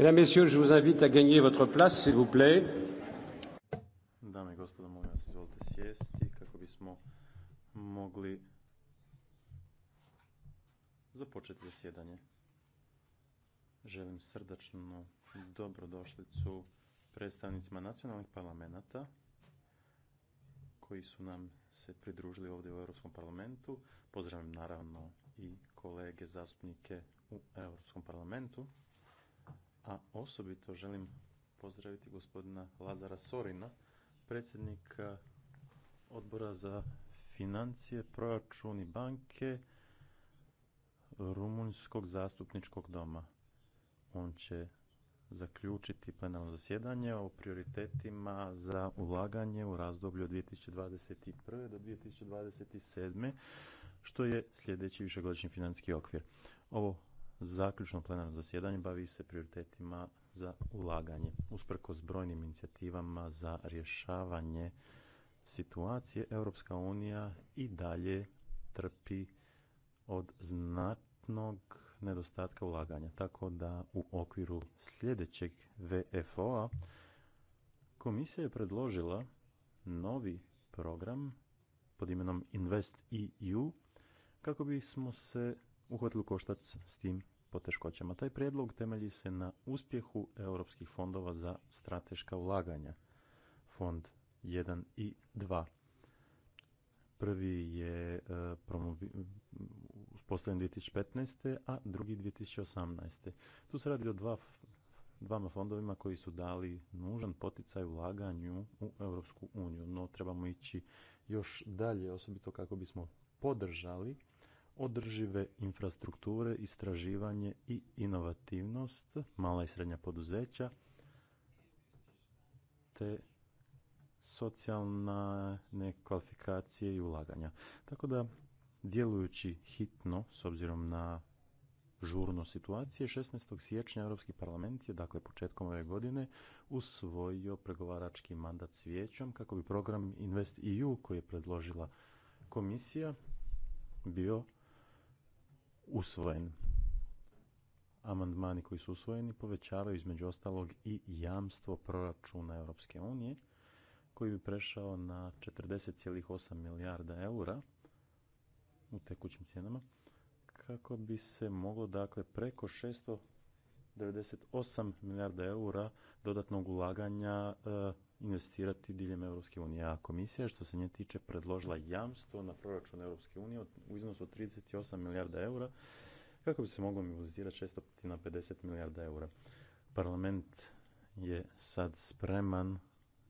Mesdames, Messieurs, je vous invite à gagner votre place, s'il vous plaît. Dame i gospodo, molim vas, izvolite sjesti kako bismo mogli započeti zasjedanje. Želim srdačnu dobrodošlicu predstavnicima nacionalnih parlamenta koji su nam se pridružili ovdje u Europskom parlamentu. Pozdravljam naravno i kolege zastupnike u Europskom parlamentu a osobito želim pozdraviti gospodina Lazara Sorina, predsjednika odbora za financije, proračun i banke Rumunjskog zastupničkog doma. On će zaključiti plenarno zasjedanje o prioritetima za ulaganje u razdoblju od 2021. do 2027. što je sljedeći višegodišnji financijski okvir. Ovo zaključno plenarno zasjedanje bavi se prioritetima za ulaganje. Usprkos brojnim inicijativama za rješavanje situacije, Europska unija i dalje trpi od znatnog nedostatka ulaganja. Tako da u okviru sljedećeg VFO-a komisija je predložila novi program pod imenom Invest EU kako bismo se uhvatili koštac s tim poteškoćama. Taj prijedlog temelji se na uspjehu europskih fondova za strateška ulaganja, fond 1 i 2. Prvi je e, promovi, 2015. a drugi 2018. Tu se radi o dva, dvama fondovima koji su dali nužan poticaj ulaganju u Europsku uniju, no trebamo ići još dalje, osobito kako bismo podržali održive infrastrukture, istraživanje i inovativnost, mala i srednja poduzeća, te socijalne kvalifikacije i ulaganja. Tako da, djelujući hitno, s obzirom na žurno situacije, 16. siječnja Europski parlament je, dakle početkom ove godine, usvojio pregovarački mandat s vijećom kako bi program Invest EU koji je predložila komisija bio usvojen. Amandmani koji su usvojeni povećavaju između ostalog i jamstvo proračuna Europske unije koji bi prešao na 40,8 milijarda eura u tekućim cijenama kako bi se moglo dakle preko 698 milijarda eura dodatnog ulaganja e, investirati diljem Europske unije. A komisija što se nje tiče predložila jamstvo na proračun Europske unije u iznosu od 38 milijarda eura kako bi se moglo mobilizirati 650 na 50 milijarda eura. Parlament je sad spreman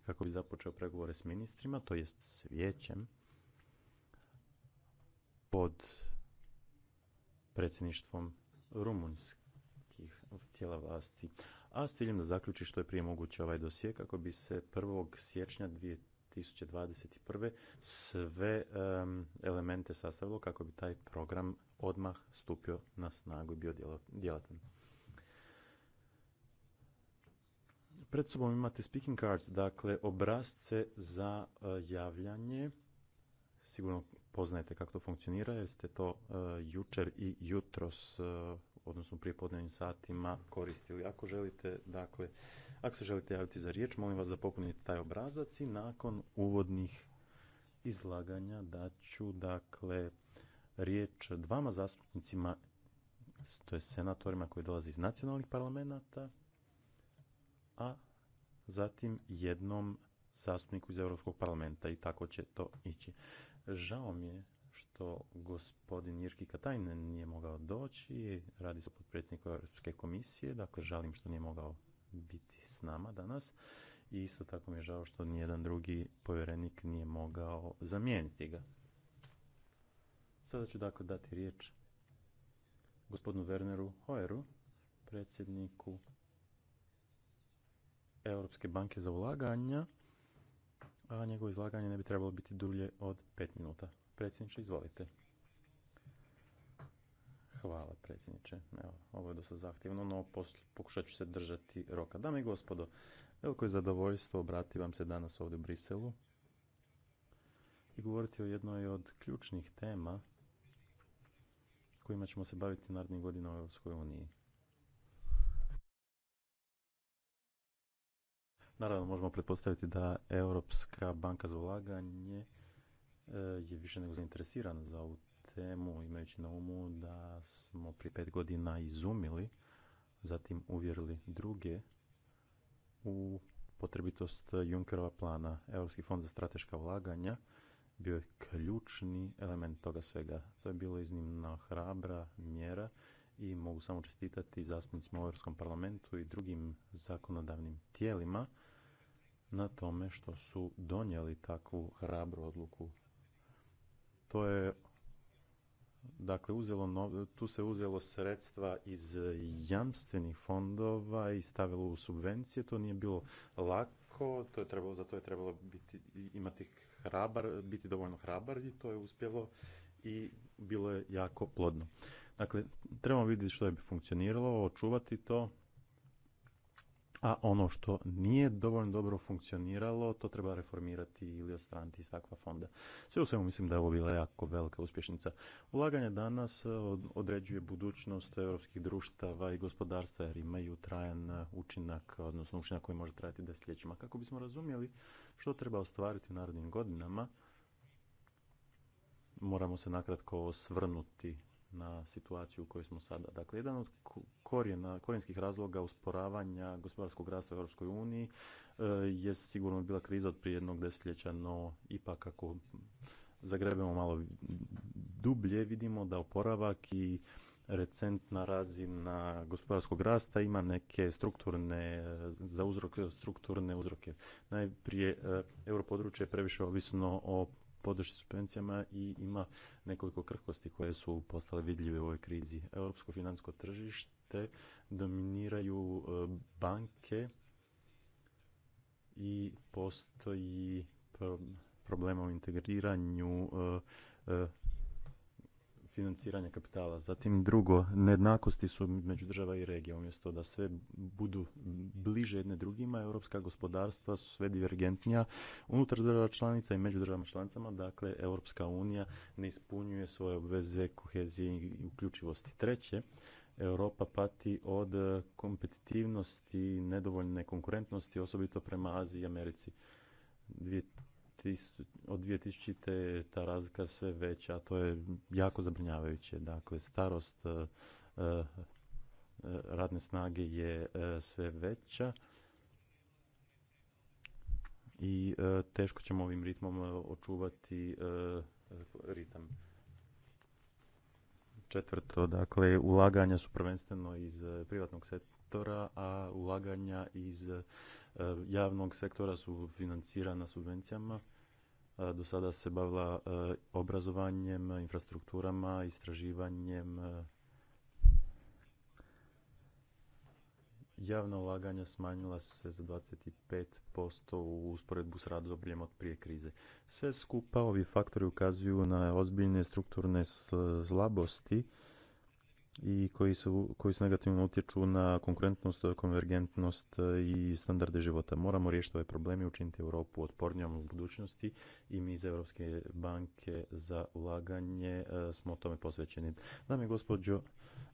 kako bi započeo pregovore s ministrima, to jest s vijećem, pod predsjedništvom rumunjskih tijela vlasti a s ciljem da zaključi što je prije moguće ovaj dosije kako bi se 1. siječnja 2021. sve elemente sastavilo kako bi taj program odmah stupio na snagu i bio djelatan. Pred sobom imate speaking cards, dakle obrazce za e, javljanje. Sigurno poznajete kako to funkcionira jeste ste to e, jučer i jutros e, odnosno prije prijepodnevnim satima koristili. Ako želite, dakle, ako se želite javiti za riječ, molim vas da popunite taj obrazac i nakon uvodnih izlaganja daću, dakle, riječ dvama zastupnicima, to je senatorima koji dolazi iz nacionalnih parlamenta, a zatim jednom zastupniku iz Europskog parlamenta i tako će to ići. Žao mi je što gospodin Irki Katajnen nije mogao doći, radi se podpredsjedniku Europske komisije, dakle žalim što nije mogao biti s nama danas i isto tako mi je žao što nijedan drugi povjerenik nije mogao zamijeniti ga. Sada ću dakle dati riječ gospodinu Werneru Hoeru, predsjedniku Europske banke za ulaganja, a njegovo izlaganje ne bi trebalo biti dulje od 5 minuta. Predsjedniče, izvolite. Hvala, predsjedniče. Evo, ovo je dosta zahtjevno, no pokušat ću se držati roka. Dame i gospodo, veliko je zadovoljstvo obrati vam se danas ovdje u Briselu i govoriti o jednoj od ključnih tema kojima ćemo se baviti narednih godina u Europskoj uniji. Naravno, možemo pretpostaviti da Europska banka za ulaganje E, je više nego zainteresiran za ovu temu, imajući na umu da smo prije pet godina izumili, zatim uvjerili druge u potrebitost Junkerova plana. Europski fond za strateška ulaganja bio je ključni element toga svega. To je bilo iznimno hrabra mjera i mogu samo čestitati zastupnicima u Europskom parlamentu i drugim zakonodavnim tijelima na tome što su donijeli takvu hrabru odluku to je dakle uzelo tu se uzelo sredstva iz jamstvenih fondova i stavilo u subvencije to nije bilo lako to je trebalo za to je trebalo biti imati hrabar biti dovoljno hrabar i to je uspjelo i bilo je jako plodno dakle trebamo vidjeti što je funkcioniralo očuvati to a ono što nije dovoljno dobro funkcioniralo, to treba reformirati ili odstraniti iz takva fonda. Sve u svemu mislim da je ovo bila jako velika uspješnica. Ulaganje danas e, određuje budućnost europskih društava i gospodarstva jer imaju trajan e, učinak, odnosno učinak koji može trajati desetljećima. Kako bismo razumjeli što treba ostvariti u narednim godinama, moramo se nakratko osvrnuti na situaciju u kojoj smo sada. Dakle, jedan od korijena, korijenskih razloga usporavanja gospodarskog rasta u Europskoj uniji e, je sigurno bila kriza od prije jednog desetljeća, no ipak ako zagrebemo malo dublje vidimo da oporavak i recentna razina gospodarskog rasta ima neke strukturne, e, za uzrok strukturne uzroke. Najprije e, europodručje je previše ovisno o podršci subvencijama i ima nekoliko krhkosti koje su postale vidljive u ovoj krizi. Europsko financijsko tržište dominiraju e, banke i postoji problema u integriranju e, e, financiranja kapitala. Zatim drugo, nejednakosti su među država i regija. Umjesto da sve budu bliže jedne drugima, europska gospodarstva su sve divergentnija unutar država članica i među državama članicama. Dakle, Europska unija ne ispunjuje svoje obveze kohezije i uključivosti. Treće, Europa pati od kompetitivnosti, nedovoljne konkurentnosti, osobito prema Aziji i Americi od 2000. je ta razlika sve veća, a to je jako zabrinjavajuće. Dakle, starost e, e, radne snage je e, sve veća i teško ćemo ovim ritmom očuvati ritam. Četvrto, dakle, ulaganja su prvenstveno iz privatnog sektora, a ulaganja iz javnog sektora su financirana subvencijama do sada se bavila e, obrazovanjem, infrastrukturama, istraživanjem. E, javna ulaganja smanjila su se za 25% u usporedbu s razdobljem od prije krize. Sve skupa ovi faktori ukazuju na ozbiljne strukturne slabosti i koji, su, koji se negativno utječu na konkurentnost, konvergentnost e, i standarde života. Moramo riješiti ove ovaj probleme i učiniti Europu otpornijom u budućnosti i mi iz Europske banke za ulaganje e, smo tome posvećeni. Dame gospođo,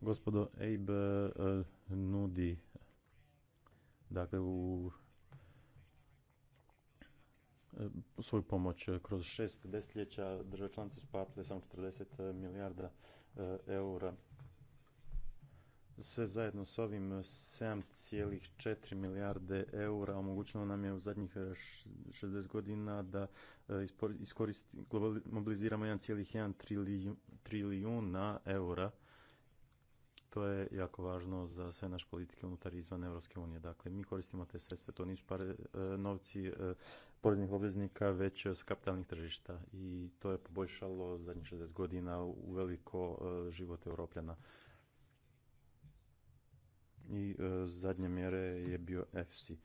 gospodo EIB e, nudi dakle u svoju pomoć kroz šest desetljeća države članice su samo 40 milijarda eura sve zajedno s ovim 7,4 milijarde eura omogućeno nam je u zadnjih 60 e, godina da e, mobiliziramo 1,1 trilijuna eura. To je jako važno za sve naše politike unutar i izvan Europske unije. Dakle, mi koristimo te sredstva, to nisu pare, e, novci poreznih obveznika, već s kapitalnih tržišta. I to je poboljšalo zadnjih 60 godina u veliko život Europljana i e, zadnje mjere je bio EFSI.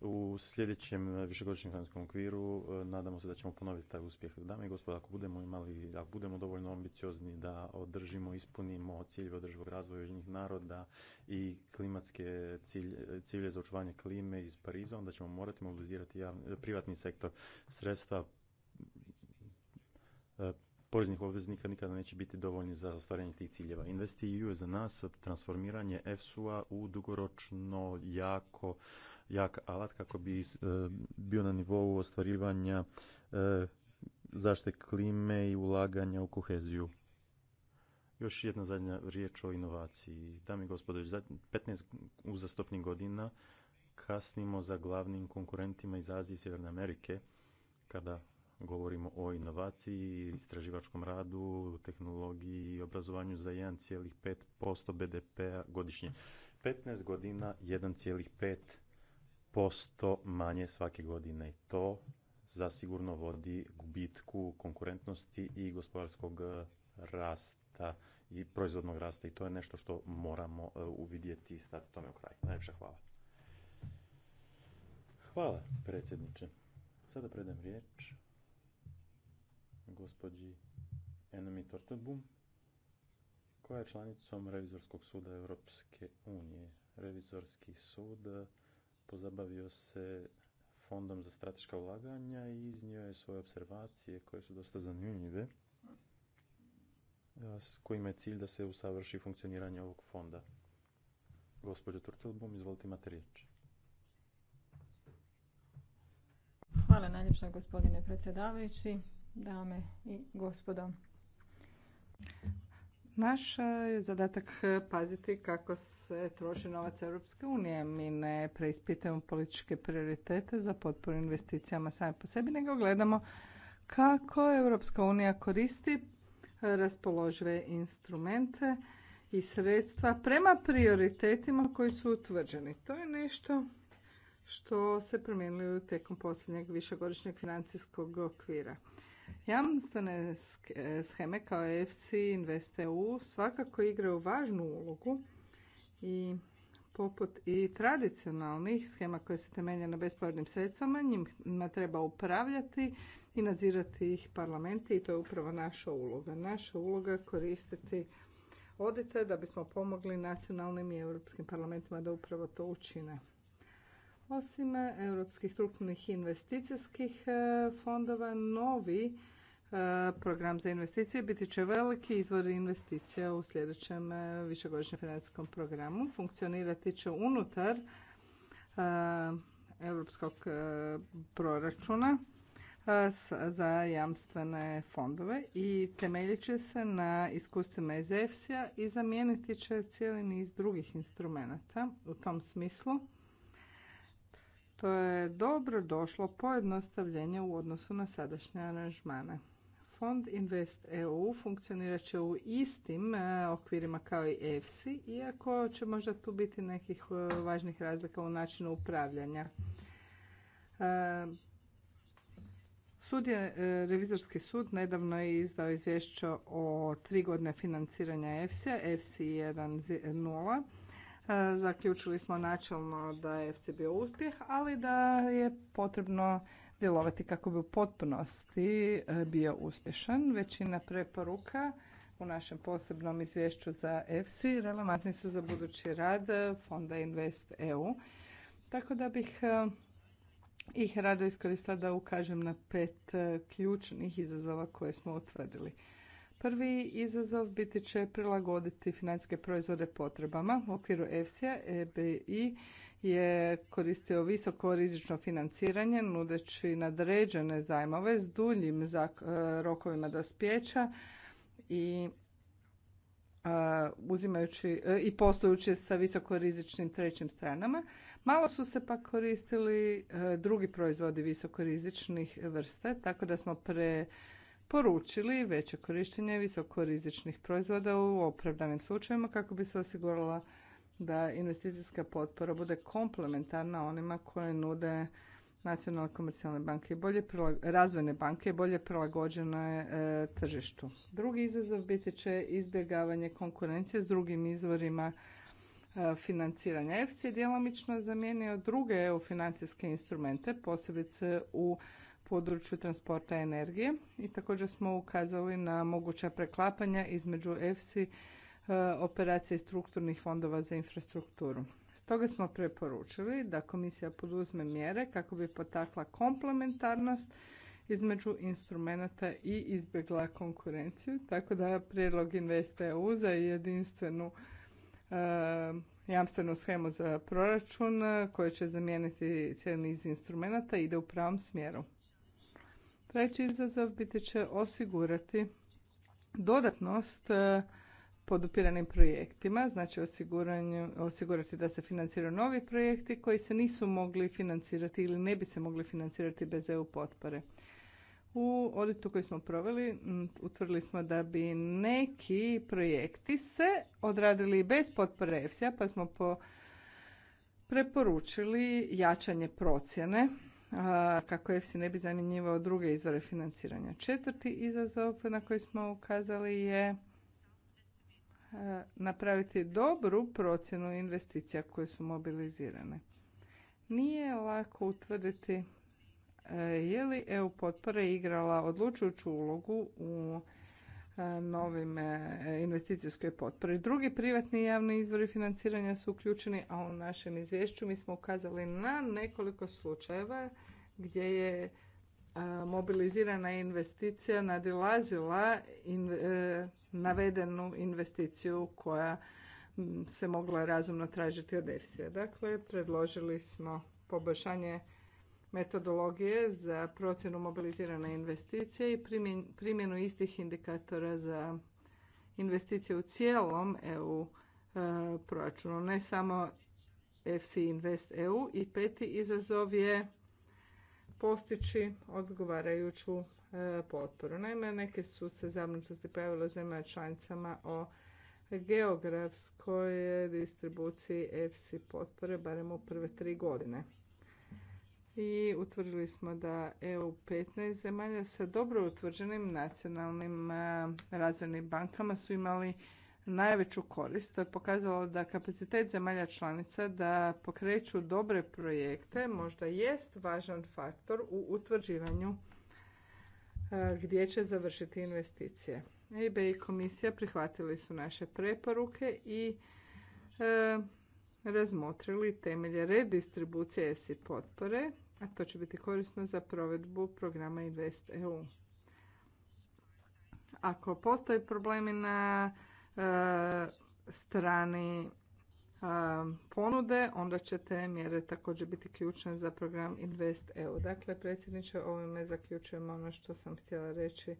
U sljedećem višegodišnjem financijskom okviru e, nadamo se da ćemo ponoviti taj uspjeh. Dame i gospodo, ako budemo imali, ako budemo dovoljno ambiciozni da održimo, ispunimo ciljeve održivog razvoja jednih naroda i klimatske cilje, za očuvanje klime iz Pariza, onda ćemo morati mobilizirati javni, privatni sektor sredstva e, poreznih obveznika nikada neće biti dovoljni za ostvarenje tih ciljeva. InvestEU je za nas transformiranje EFSU-a u dugoročno jako jak alat kako bi e, bio na nivou ostvarivanja e, zaštite klime i ulaganja u koheziju. Još jedna zadnja riječ o inovaciji. Dame i gospodo, 15 uzastopnih godina kasnimo za glavnim konkurentima iz Azije i Sjeverne Amerike kada govorimo o inovaciji, istraživačkom radu, tehnologiji i obrazovanju za 1,5% BDP-a godišnje. 15 godina 1,5% manje svake godine. To zasigurno vodi gubitku konkurentnosti i gospodarskog e, rasta i proizvodnog rasta i to je nešto što moramo e, uvidjeti i stati tome u kraj. Najljepša hvala. Hvala predsjedniče. Sada predam riječ gospođi Enomi Tortobum, koja je članicom Revizorskog suda Europske unije. Revizorski sud pozabavio se fondom za strateška ulaganja i iznio je svoje observacije koje su dosta zanimljive s kojima je cilj da se usavrši funkcioniranje ovog fonda. Gospođo Turtelbum, izvolite imate riječ. Hvala najljepša gospodine predsjedavajući dame i gospodo. Naš je zadatak e, paziti kako se troši novac Europske unije. Mi ne preispitujemo političke prioritete za potporu investicijama sami po sebi, nego gledamo kako Europska unija koristi e, raspoložive instrumente i sredstva prema prioritetima koji su utvrđeni. To je nešto što se promijenilo tijekom posljednjeg višegodišnjeg financijskog okvira. Jamstvene scheme kao EFC i EU svakako igraju važnu ulogu i poput i tradicionalnih schema koje se temelje na bespovratnim sredstvama, njima treba upravljati i nadzirati ih parlamenti i to je upravo naša uloga. Naša uloga je koristiti odite da bismo pomogli nacionalnim i europskim parlamentima da upravo to učine. Osim e, europskih strukturnih investicijskih e, fondova, novi e, program za investicije biti će veliki izvor investicija u sljedećem višegodišnjem financijskom programu. Funkcionirati će unutar europskog proračuna za jamstvene fondove i temeljit će se na iskustvima iz EFSI-a i zamijeniti će cijeli niz drugih instrumenata. U tom smislu to je dobro došlo pojednostavljenje u odnosu na sadašnje aranžmane. Fond Invest EU funkcionirat će u istim e, okvirima kao i EFSI, iako će možda tu biti nekih e, važnih razlika u načinu upravljanja. E, sud je, revizorski sud nedavno je izdao izvješće o tri godine financiranja EFSI-a, EFSI 1.0, E, zaključili smo načelno da je FC bio uspjeh, ali da je potrebno djelovati kako bi u potpunosti e, bio uspješan. Većina preporuka u našem posebnom izvješću za EFSI relevantni su za budući rad fonda Invest EU. Tako da bih e, ih rado iskoristila da ukažem na pet ključnih izazova koje smo utvrdili. Prvi izazov biti će prilagoditi financijske proizvode potrebama. U okviru EFSI-a EBI je koristio visoko rizično financiranje nudeći nadređene zajmove s duljim e, rokovima dospjeća i e, uzimajući e, i poslujući sa visokorizičnim trećim stranama. Malo su se pa koristili drugi proizvodi visokorizičnih vrste, tako da smo pre poručili veće korištenje visokorizičnih proizvoda u opravdanim slučajevima kako bi se osigurala da investicijska potpora bude komplementarna onima koje nude nacionalne komercijalne banke i bolje razvojne banke i bolje prilagođene e, tržištu. Drugi izazov biti će izbjegavanje konkurencije s drugim izvorima e, financiranja. EFC je djelomično zamijenio druge EU financijske instrumente, posebice u području transporta energije i također smo ukazali na moguća preklapanja između EFSI e, operacije strukturnih fondova za infrastrukturu. Stoga smo preporučili da komisija poduzme mjere kako bi potakla komplementarnost između instrumenata i izbjegla konkurenciju, tako da prijedlog Invest EU za jedinstvenu e, jamstvenu schemu za proračun e, koje će zamijeniti cijeli niz instrumenata ide u pravom smjeru. Treći izazov biti će osigurati dodatnost e, podupiranim projektima, znači osigurati da se financiraju novi projekti koji se nisu mogli financirati ili ne bi se mogli financirati bez EU potpore. U auditu koji smo proveli utvrdili smo da bi neki projekti se odradili bez potpore EFSA, pa smo po preporučili jačanje procjene kako EFSI ne bi zamjenjivao druge izvore financiranja. Četvrti izazov na koji smo ukazali je napraviti dobru procjenu investicija koje su mobilizirane. Nije lako utvrditi je li EU potpora igrala odlučujuću ulogu u E, novim e, investicijskoj potpori. Drugi privatni i javni izvori financiranja su uključeni, a u našem izvješću mi smo ukazali na nekoliko slučajeva gdje je e, mobilizirana investicija nadilazila navedenu investiciju koja se mogla razumno tražiti od EFSI-a. Dakle, predložili smo poboljšanje metodologije za procjenu mobilizirane investicije i primjenu istih indikatora za investicije u cijelom EU e, proračunu, ne samo FC Invest EU. I peti izazov je postići odgovarajuću e, potporu. Naime, neke su se zabrinutosti pojavile zemljama članicama o geografskoj distribuciji FC potpore barem u prve tri godine i utvrdili smo da EU 15 zemalja sa dobro utvrđenim nacionalnim e, razvojnim bankama su imali najveću korist. To je pokazalo da kapacitet zemalja članica da pokreću dobre projekte možda jest važan faktor u utvrđivanju e, gdje će završiti investicije. EIB i komisija prihvatili su naše preporuke i e, razmotrili temelje redistribucije ESI potpore a to će biti korisno za provedbu programa Invest EU. Ako postoje problemi na e, strani e, ponude, onda će te mjere također biti ključne za program Invest EU. Dakle, predsjedniče, ovime zaključujemo ono što sam htjela reći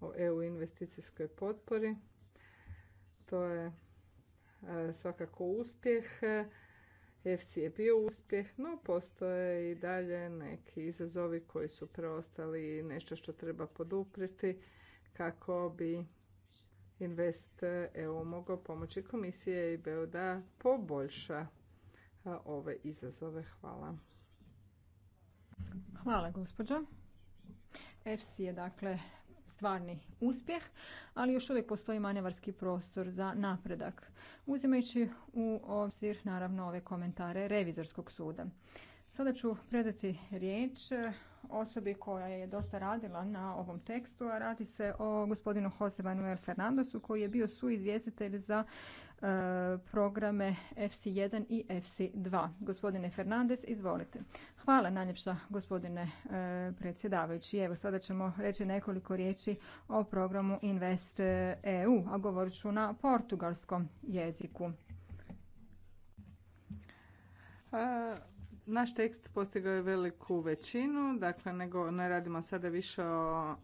o EU investicijskoj potpori. To je e, svakako uspjeh. FC je bio uspjeh, no postoje i dalje neki izazovi koji su preostali i nešto što treba poduprijeti kako bi Invest EU mogao pomoći komisije i BEO da poboljša ove izazove. Hvala. Hvala gospođo. FC je dakle stvarni uspjeh, ali još uvijek postoji manevarski prostor za napredak, uzimajući u obzir naravno ove komentare revizorskog suda. Sada ću predati riječ e, osobi koja je dosta radila na ovom tekstu, a radi se o gospodinu Jose Manuel Fernandosu koji je bio suizvjestitelj za E, programe FC1 i FC2. Gospodine Fernandez, izvolite. Hvala najljepša gospodine e, predsjedavajući. Evo sada ćemo reći nekoliko riječi o programu Invest EU, e a govorit ću na portugalskom jeziku. Naš tekst postigao je veliku većinu, dakle nego ne radimo sada više o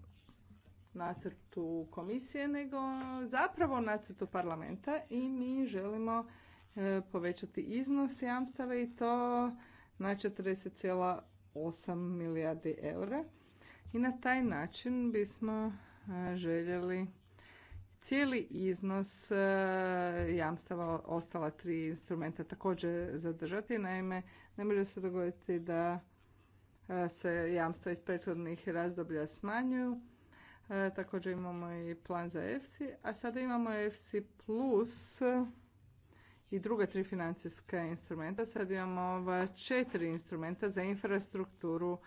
nacrtu komisije, nego zapravo nacrtu parlamenta i mi želimo e, povećati iznos jamstava i to na 40,8 milijardi eura. I na taj način bismo e, željeli cijeli iznos e, jamstava ostala tri instrumenta također zadržati. Naime, ne može se dogoditi da se jamstva iz prethodnih razdoblja smanjuju E, također imamo i plan za EFSI, a sada imamo EFSI plus i druga tri financijska instrumenta. Sad imamo ova četiri instrumenta za infrastrukturu,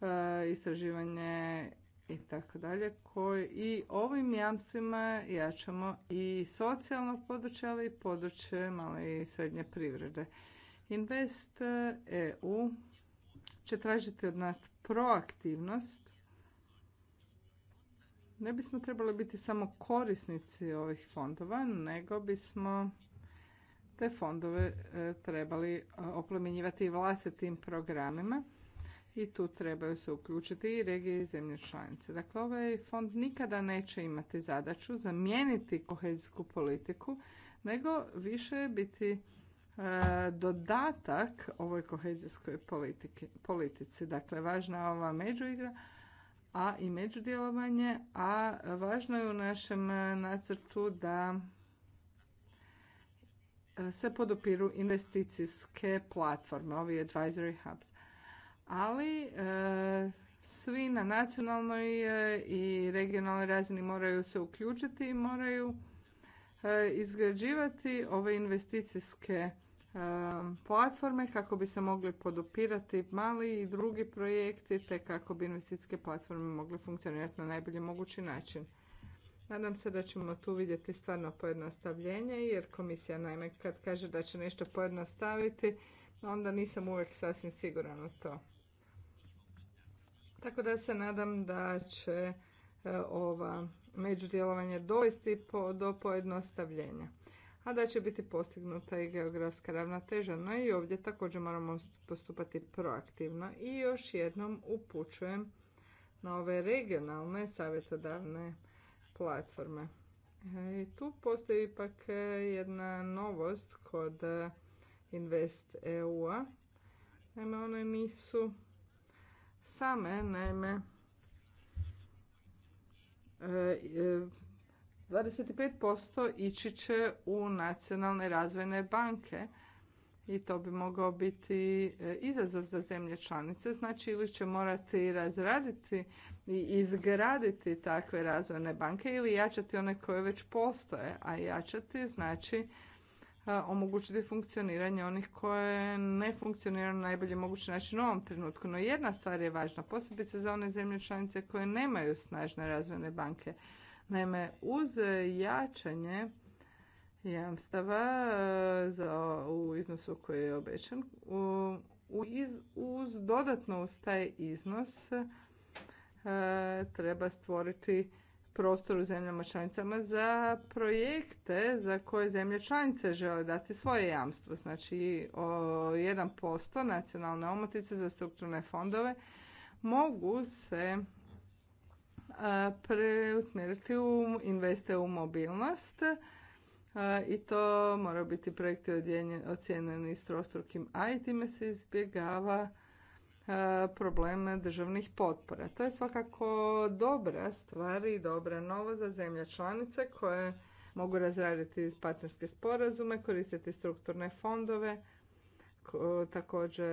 e, istraživanje i tako dalje. Koji I ovim jamstvima jačamo i socijalno područje, ali i područje male i srednje privrede. Invest EU će tražiti od nas proaktivnost ne bismo trebali biti samo korisnici ovih fondova, nego bismo te fondove e, trebali e, oplemenjivati vlastitim programima i tu trebaju se uključiti i regije i zemlje članice. Dakle, ovaj fond nikada neće imati zadaću zamijeniti kohezijsku politiku, nego više biti e, dodatak ovoj kohezijskoj politici. Dakle, važna je ova međuigra, a i međudjelovanje, a važno je u našem e, nacrtu da e, se podopiru investicijske platforme, ovi advisory hubs. Ali e, svi na nacionalnoj i regionalnoj razini moraju se uključiti i moraju izgrađivati ove investicijske platforme kako bi se mogli podupirati mali i drugi projekti te kako bi investicijske platforme mogle funkcionirati na najbolji mogući način. Nadam se da ćemo tu vidjeti stvarno pojednostavljenje jer komisija naime kad kaže da će nešto pojednostaviti onda nisam uvijek sasvim siguran u to. Tako da se nadam da će e, ova međudjelovanje dovesti do pojednostavljenja a da će biti postignuta i geografska ravnoteža. No i ovdje također moramo postupati proaktivno i još jednom upućujem na ove regionalne savjetodavne platforme. E, tu postoji ipak e, jedna novost kod e, Invest EU-a. Naime, one nisu same, naime, 25% ići će u nacionalne razvojne banke i to bi mogao biti e, izazov za zemlje članice. Znači ili će morati razraditi i izgraditi takve razvojne banke ili jačati one koje već postoje. A jačati znači e, omogućiti funkcioniranje onih koje ne funkcioniraju na najbolji mogući način u ovom trenutku. No jedna stvar je važna, posebice za one zemlje članice koje nemaju snažne razvojne banke Naime, uz jačanje jamstava e, za, u iznosu koji je obećan, uz, dodatno uz taj iznos e, treba stvoriti prostor u zemljama članicama za projekte za koje zemlje članice žele dati svoje jamstvo. Znači, o 1% nacionalne omotice za strukturne fondove mogu se preusmjeriti u investe u mobilnost i to moraju biti projekti ocijenjeni s trostrukim A i time se izbjegava probleme državnih potpora. To je svakako dobra stvar i dobra nova za zemlje članice koje mogu razraditi partnerske sporazume, koristiti strukturne fondove, također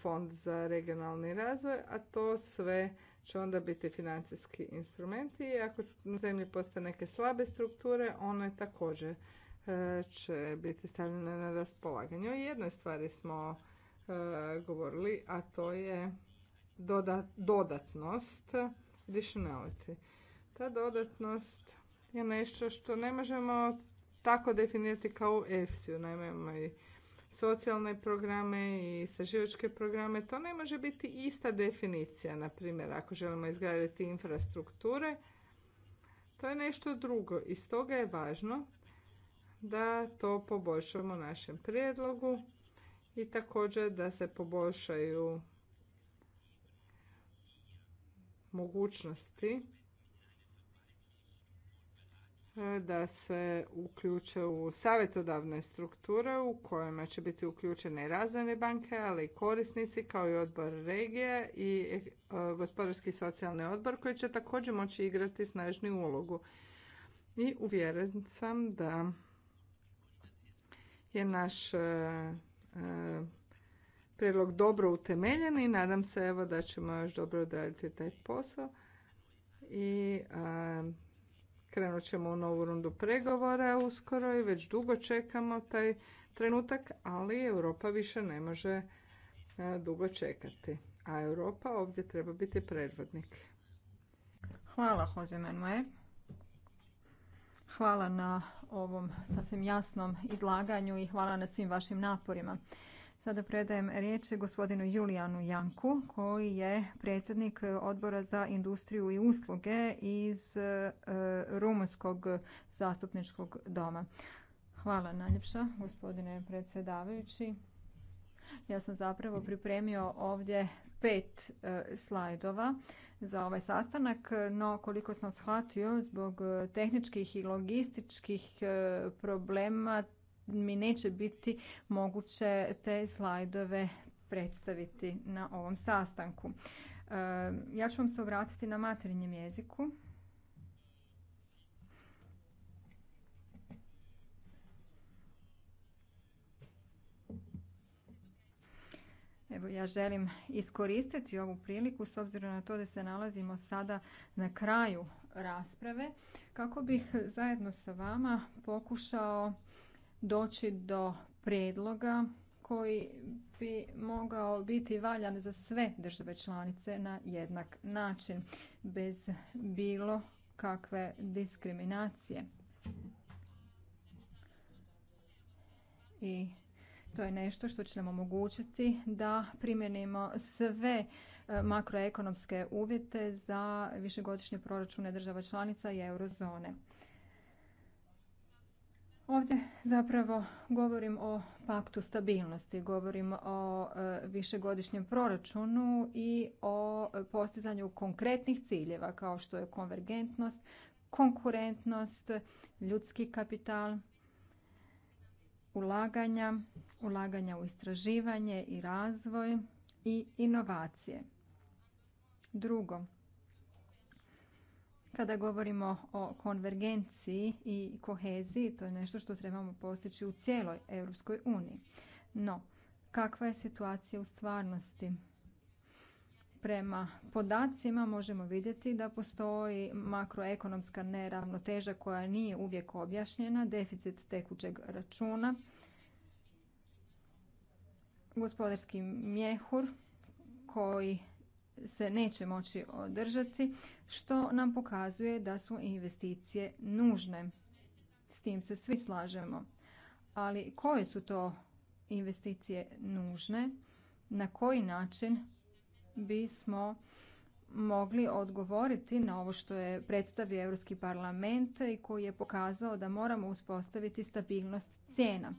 fond za regionalni razvoj, a to sve će onda biti financijski instrumenti i ako na zemlji postoje neke slabe strukture, one također e, će biti stavljene na raspolaganje. O jednoj stvari smo e, govorili, a to je dodatnost, additionality. Ta dodatnost je nešto što ne možemo tako definirati kao u EFSI-u. i socijalne programe i istraživačke programe. To ne može biti ista definicija, na primjer, ako želimo izgraditi infrastrukture, to je nešto drugo i stoga je važno da to poboljšamo našem prijedlogu i također da se poboljšaju mogućnosti da se uključe u savjetodavne strukture u kojima će biti uključene i razvojne banke, ali i korisnici kao i odbor regije i e, gospodarski socijalni odbor koji će također moći igrati snažnu ulogu. I uvjeren sam da je naš e, e, prijedlog dobro utemeljen i nadam se evo da ćemo još dobro odraditi taj posao i Krenut ćemo u novu rundu pregovora uskoro i već dugo čekamo taj trenutak, ali Europa više ne može e, dugo čekati. A Europa ovdje treba biti predvodnik. Hvala, Jose Manuel. Hvala na ovom sasvim jasnom izlaganju i hvala na svim vašim naporima. Sada predajem riječ gospodinu Julijanu Janku, koji je predsjednik odbora za industriju i usluge iz e, Rumunskog zastupničkog doma. Hvala najljepša, gospodine predsjedavajući. Ja sam zapravo pripremio ovdje pet e, slajdova za ovaj sastanak, no koliko sam shvatio, zbog e, tehničkih i logističkih problema mi neće biti moguće te slajdove predstaviti na ovom sastanku. E, ja ću vam se obratiti na materinjem jeziku. Evo, ja želim iskoristiti ovu priliku s obzirom na to da se nalazimo sada na kraju rasprave kako bih zajedno sa vama pokušao doći do predloga koji bi mogao biti valjan za sve države članice na jednak način bez bilo kakve diskriminacije. I to je nešto što će nam omogućiti da primjenimo sve e, makroekonomske uvjete za višegodišnje proračune država članica i eurozone. Ovdje zapravo govorim o paktu stabilnosti, govorim o e, višegodišnjem proračunu i o postizanju konkretnih ciljeva kao što je konvergentnost, konkurentnost, ljudski kapital, ulaganja, ulaganja u istraživanje i razvoj i inovacije. Drugo, kada govorimo o konvergenciji i koheziji, to je nešto što trebamo postići u cijeloj Europskoj uniji. No, kakva je situacija u stvarnosti? Prema podacima možemo vidjeti da postoji makroekonomska neravnoteža koja nije uvijek objašnjena, deficit tekućeg računa, gospodarski mjehur koji se neće moći održati, što nam pokazuje da su investicije nužne. S tim se svi slažemo. Ali koje su to investicije nužne? Na koji način bismo mogli odgovoriti na ovo što je predstavio Europski parlament i koji je pokazao da moramo uspostaviti stabilnost cijena.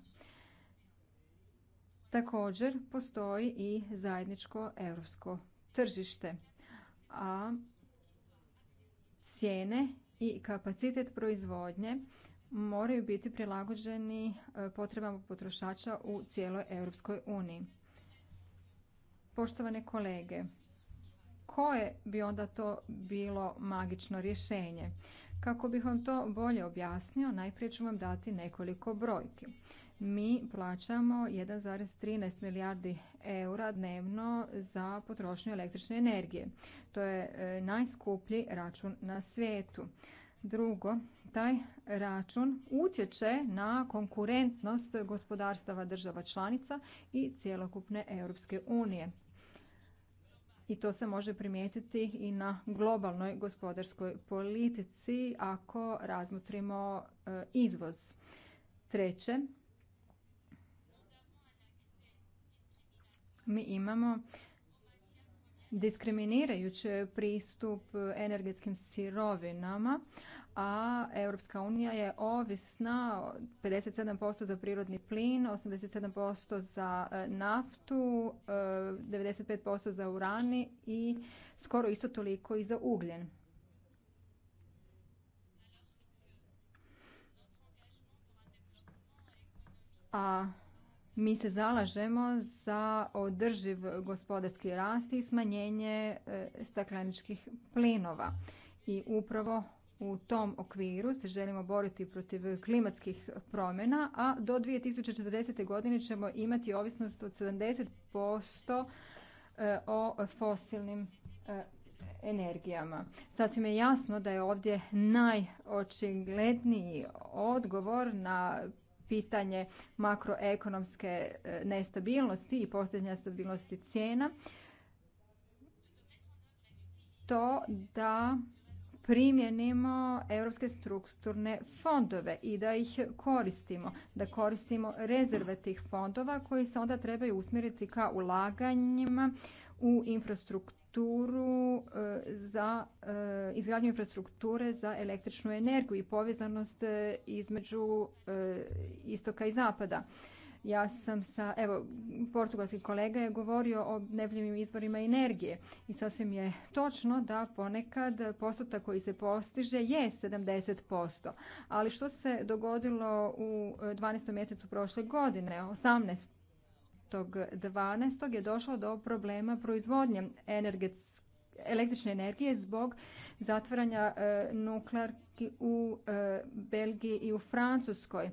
Također postoji i zajedničko europsko tržište, a cijene i kapacitet proizvodnje moraju biti prilagođeni e, potrebama potrošača u cijeloj Europskoj uniji. Poštovane kolege, koje bi onda to bilo magično rješenje? Kako bih vam to bolje objasnio, najprije ću vam dati nekoliko brojki mi plaćamo 1,13 milijardi eura dnevno za potrošnju električne energije. To je e, najskuplji račun na svijetu. Drugo, taj račun utječe na konkurentnost gospodarstava država članica i cjelokupne Europske unije. I to se može primijetiti i na globalnoj gospodarskoj politici ako razmotrimo e, izvoz. Treće, mi imamo diskriminirajući pristup energetskim sirovinama, a Europska unija je ovisna 57% za prirodni plin, 87% za e, naftu, 95% e, za urani i skoro isto toliko i za ugljen. A mi se zalažemo za održiv gospodarski rast i smanjenje e, stakleničkih plinova. I upravo u tom okviru se želimo boriti protiv klimatskih promjena, a do 2040. godine ćemo imati ovisnost od 70% e, o fosilnim e, energijama. Sasvim je jasno da je ovdje najočigledniji odgovor na pitanje makroekonomske e, nestabilnosti i posljednja stabilnosti cijena, to da primjenimo europske strukturne fondove i da ih koristimo, da koristimo rezerve tih fondova koji se onda trebaju usmjeriti ka ulaganjima u infrastrukturu infrastrukturu e, za e, izgradnju infrastrukture za električnu energiju i povezanost e, između istoka i zapada. Ja sam sa, evo, portugalski kolega je govorio o obnovljivim izvorima energije i sasvim je točno da ponekad postotak koji se postiže je 70%. Ali što se dogodilo u 12. mjesecu prošle godine? 18 12. je došlo do problema proizvodnje električne energije zbog zatvaranja e, nuklearki u e, Belgiji i u Francuskoj.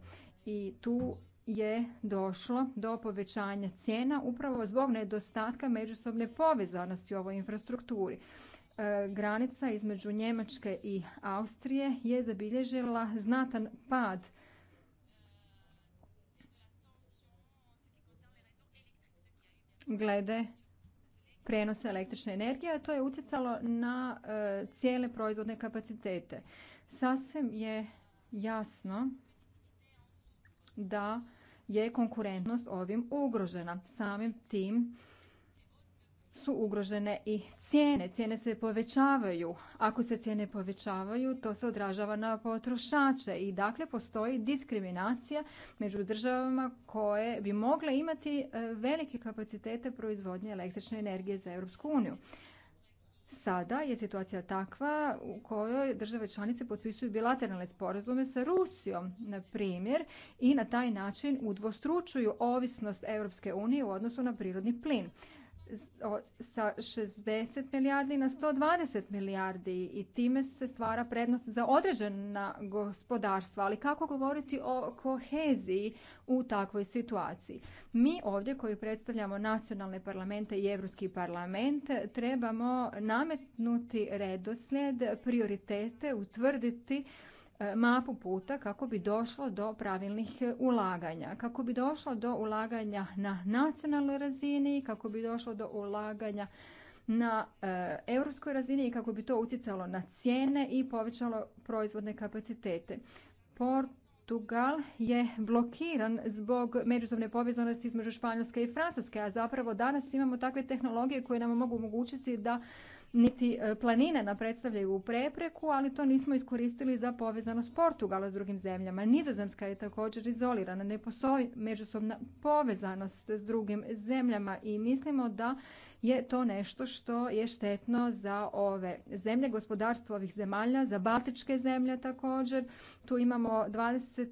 I tu je došlo do povećanja cijena upravo zbog nedostatka međusobne povezanosti u ovoj infrastrukturi. E, granica između Njemačke i Austrije je zabilježila znatan pad glede prijenosa električne energije, a to je utjecalo na e, cijele proizvodne kapacitete. Sasvim je jasno da je konkurentnost ovim ugrožena. Samim tim su ugrožene i cijene. Cijene se povećavaju. Ako se cijene povećavaju, to se odražava na potrošače i dakle postoji diskriminacija među državama koje bi mogle imati e, velike kapacitete proizvodnje električne energije za Europsku uniju. Sada je situacija takva u kojoj države članice potpisuju bilateralne sporazume sa Rusijom, na primjer, i na taj način udvostručuju ovisnost Europske unije u odnosu na prirodni plin sa 60 milijardi na 120 milijardi i time se stvara prednost za određena gospodarstva. Ali kako govoriti o koheziji u takvoj situaciji? Mi ovdje koji predstavljamo nacionalne parlamente i Europski parlament trebamo nametnuti redoslijed, prioritete, utvrditi E, mapu puta kako bi došlo do pravilnih e, ulaganja, kako bi došlo do ulaganja na nacionalnoj razini, kako bi došlo do ulaganja na e, europskoj razini i kako bi to utjecalo na cijene i povećalo proizvodne kapacitete. Portugal je blokiran zbog međusobne povezanosti između Španjolske i Francuske, a zapravo danas imamo takve tehnologije koje nam mogu omogućiti da niti e, planine nam predstavljaju prepreku, ali to nismo iskoristili za povezanost Portugala s drugim zemljama. Nizozemska je također izolirana, ne postoji međusobna povezanost s drugim zemljama i mislimo da je to nešto što je štetno za ove zemlje, gospodarstvo ovih zemalja, za baltičke zemlje također. Tu imamo 20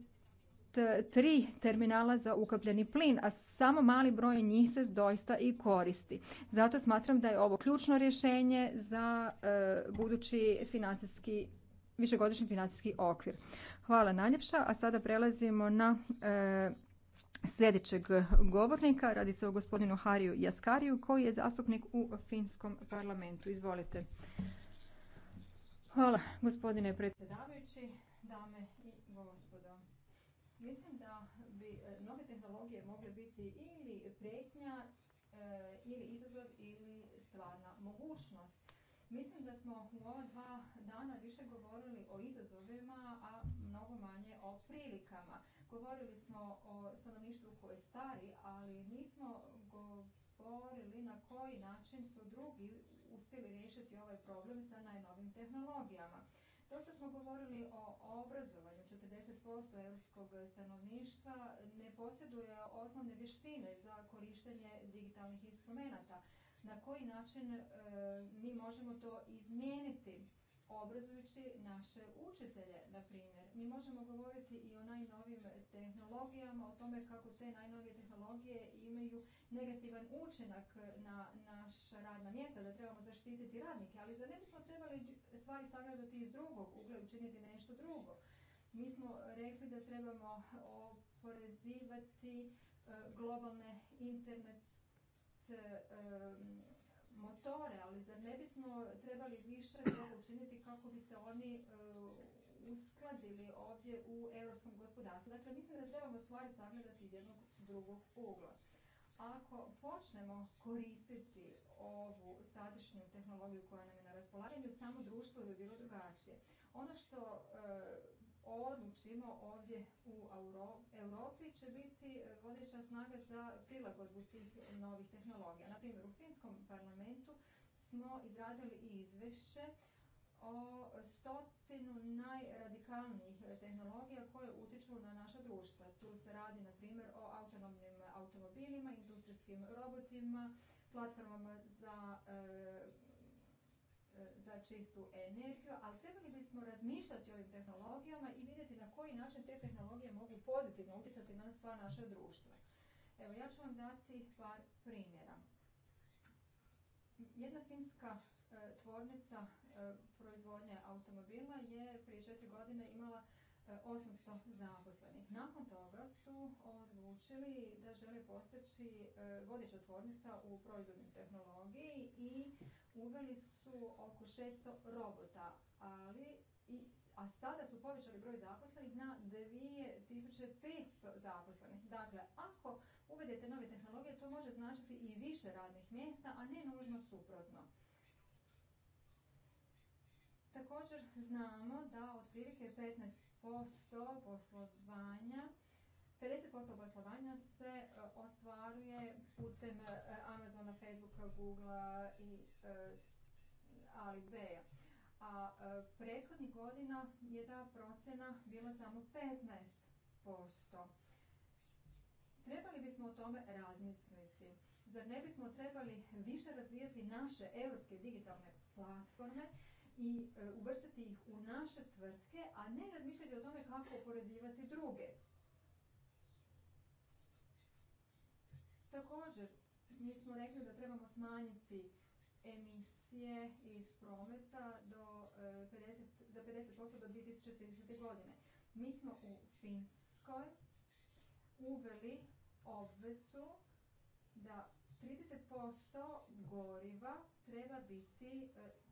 tri terminala za ukapljeni plin, a samo mali broj njih se doista i koristi. Zato smatram da je ovo ključno rješenje za e, budući financijski višegodišnji financijski okvir. Hvala najljepša, a sada prelazimo na e, sljedećeg govornika. Radi se o gospodinu Hariju Jaskariju koji je zastupnik u Finskom parlamentu. Izvolite. Hvala gospodine predsjedavajući, dame ili pretnja e, ili izazov ili stvarna mogućnost. Mislim da smo u ova dva dana više govorili o izazovima, a mnogo manje o prilikama. Govorili smo o stanovništvu koje stari, ali nismo govorili na koji način su drugi uspjeli riješiti ovaj problem sa najnovim tehnologijama. To što smo govorili o obrazovanju, 40% europskog stanovništva ne posjeduje osnovne vještine za korištenje digitalnih instrumenata. Na koji način e, mi možemo to izmijeniti? obrazujući naše učitelje, na primjer. Mi možemo govoriti i o najnovim tehnologijama, o tome kako te najnovije tehnologije imaju negativan učinak na naš radna mjesta, da trebamo zaštititi radnike, ali da ne bismo trebali stvari sagledati iz drugog ugla učiniti nešto drugo. Mi smo rekli da trebamo oporezivati e, globalne internet e, motore, ali zar ne bismo trebali više toga učiniti kako bi se oni e, uskladili ovdje u europskom gospodarstvu. Dakle, mislim da trebamo stvari sagledati iz jednog drugog ugla. Ako počnemo koristiti ovu sadašnju tehnologiju koja nam je na raspolaganju, samo društvo bi bilo drugačije. Ono što e, odlučimo ovdje u Europi će biti e, vodeća snaga za prilagodbu tih novih tehnologija. Na primjer, u Finskom parlamentu smo izradili izvješće o stotinu najradikalnijih tehnologija koje utječu na naša društva. Tu se radi, na primjer, o autonomnim automobilima, industrijskim robotima, platformama za e, E, za čistu energiju, ali trebali bismo razmišljati o ovim tehnologijama i vidjeti na koji način te tehnologije mogu pozitivno utjecati na sva naša društva. Evo, ja ću vam dati par primjera. Jedna finska e, tvornica e, proizvodnje automobila je prije četiri godine imala 800 zaposlenih. Nakon toga su odlučili da žele postaći vodeća tvornica u proizvodnoj tehnologiji i uveli su oko 600 robota, ali a sada su povećali broj zaposlenih na 2500 zaposlenih. Dakle, ako uvedete nove tehnologije, to može značiti i više radnih mjesta, a ne nužno suprotno. Također znamo da otprilike 15% poslovanja 50% poslovanja se e, ostvaruje putem e, Amazona, Facebooka, Googlea i e, Alibaba. A prethodnih godina je ta procjena bila samo 15%. Trebali bismo o tome razmisliti. Zar ne bismo trebali više razvijati naše europske digitalne platforme i uvrstiti ih u naše tvrtke, a ne razmišljati o tome kako oporezivati druge Također, mi smo rekli da trebamo smanjiti emisije iz prometa do 50, e, za 50% do 2030. godine. Mi smo u Finskoj uveli obvezu da 30% goriva treba biti e,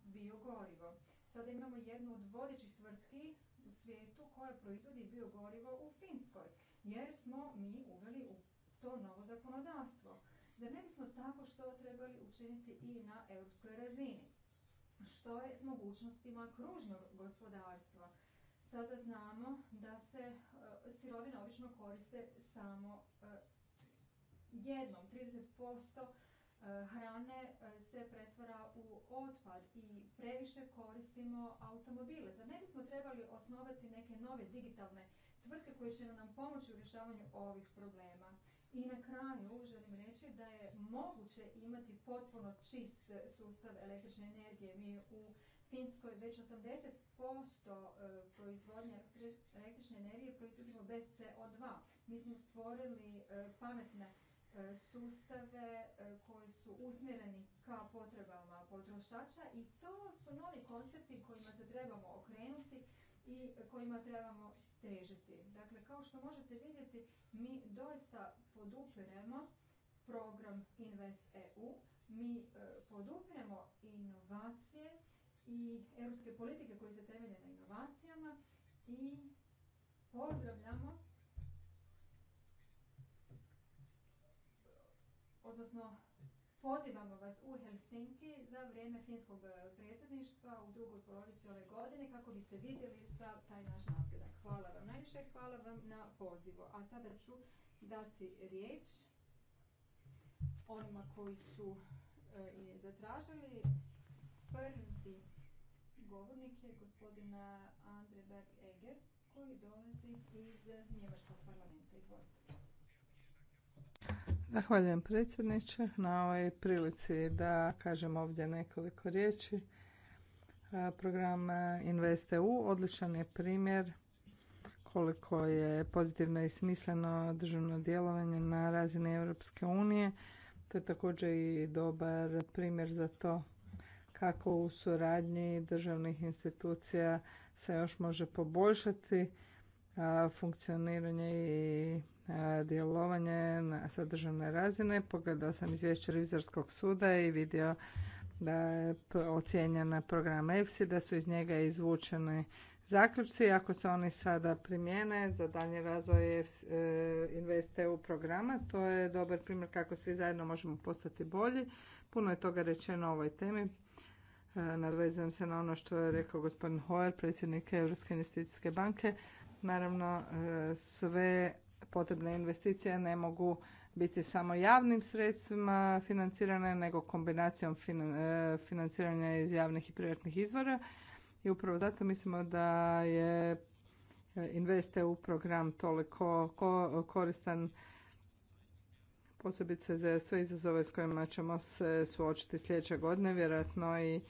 biogorivo. Sada imamo jednu od vodećih tvrtki u svijetu koja proizvodi biogorivo u Finskoj, jer smo mi uveli u to novo zakonodavstvo. Da ne bismo tako što trebali učiniti i na europskoj razini? Što je s mogućnostima kružnog gospodarstva? Sada znamo da se sirovina e, sirovine obično koriste samo e, jednom. 30% e, hrane se pretvara u otpad i previše koristimo automobile. Zar ne bismo trebali osnovati neke nove digitalne tvrtke koje će nam pomoći u rješavanju ovih problema? I na kraju želim reći da je moguće imati potpuno čist sustav električne energije. Mi u Finskoj već 80% e, proizvodnje električne energije proizvodimo bez CO2. Mi smo stvorili e, pametne e, sustave koji su usmjereni ka potrebama potrošača i to su novi koncepti kojima se trebamo okrenuti i kojima trebamo težiti. Dakle, kao što možete vidjeti, mi doista podupiremo program Invest EU, mi e, podupiremo inovacije i europske politike koje se temelje na inovacijama i pozdravljamo odnosno pozivamo vas u Helsinki za vrijeme finskog e, predsjedništva u drugoj polovici ove godine kako biste vidjeli sa taj naš Hvala vam najviše, hvala vam na pozivu. A sada ću dati riječ onima koji su eh, i zatražili. Prvi govornik je gospodina eh, Andre Berg Eger koji dolazi iz Njemačkog parlamenta. Zahvaljujem predsjedniče na ovoj prilici da kažem ovdje nekoliko riječi. Eh, program InvestEU odličan je primjer koliko je pozitivno i smisleno državno djelovanje na razini Europske unije. To je također i dobar primjer za to kako u suradnji državnih institucija se još može poboljšati funkcioniranje i djelovanje na državne razine. Pogledao sam izvješće revizorskog suda i vidio da je ocijenjena program EFSI, da su iz njega izvučeni zaključci, ako se oni sada primijene za daljnji razvoj e, u programa, to je dobar primjer kako svi zajedno možemo postati bolji. Puno je toga rečeno o ovoj temi. E, nadvezujem se na ono što je rekao gospodin Hoer, predsjednik Europske investicijske banke. Naravno, e, sve potrebne investicije ne mogu biti samo javnim sredstvima financirane, nego kombinacijom financiranja iz javnih i privatnih izvora i upravo zato mislimo da je e, investe u program toliko koristan posebice za sve izazove s kojima ćemo se suočiti sljedeće godine, vjerojatno i e,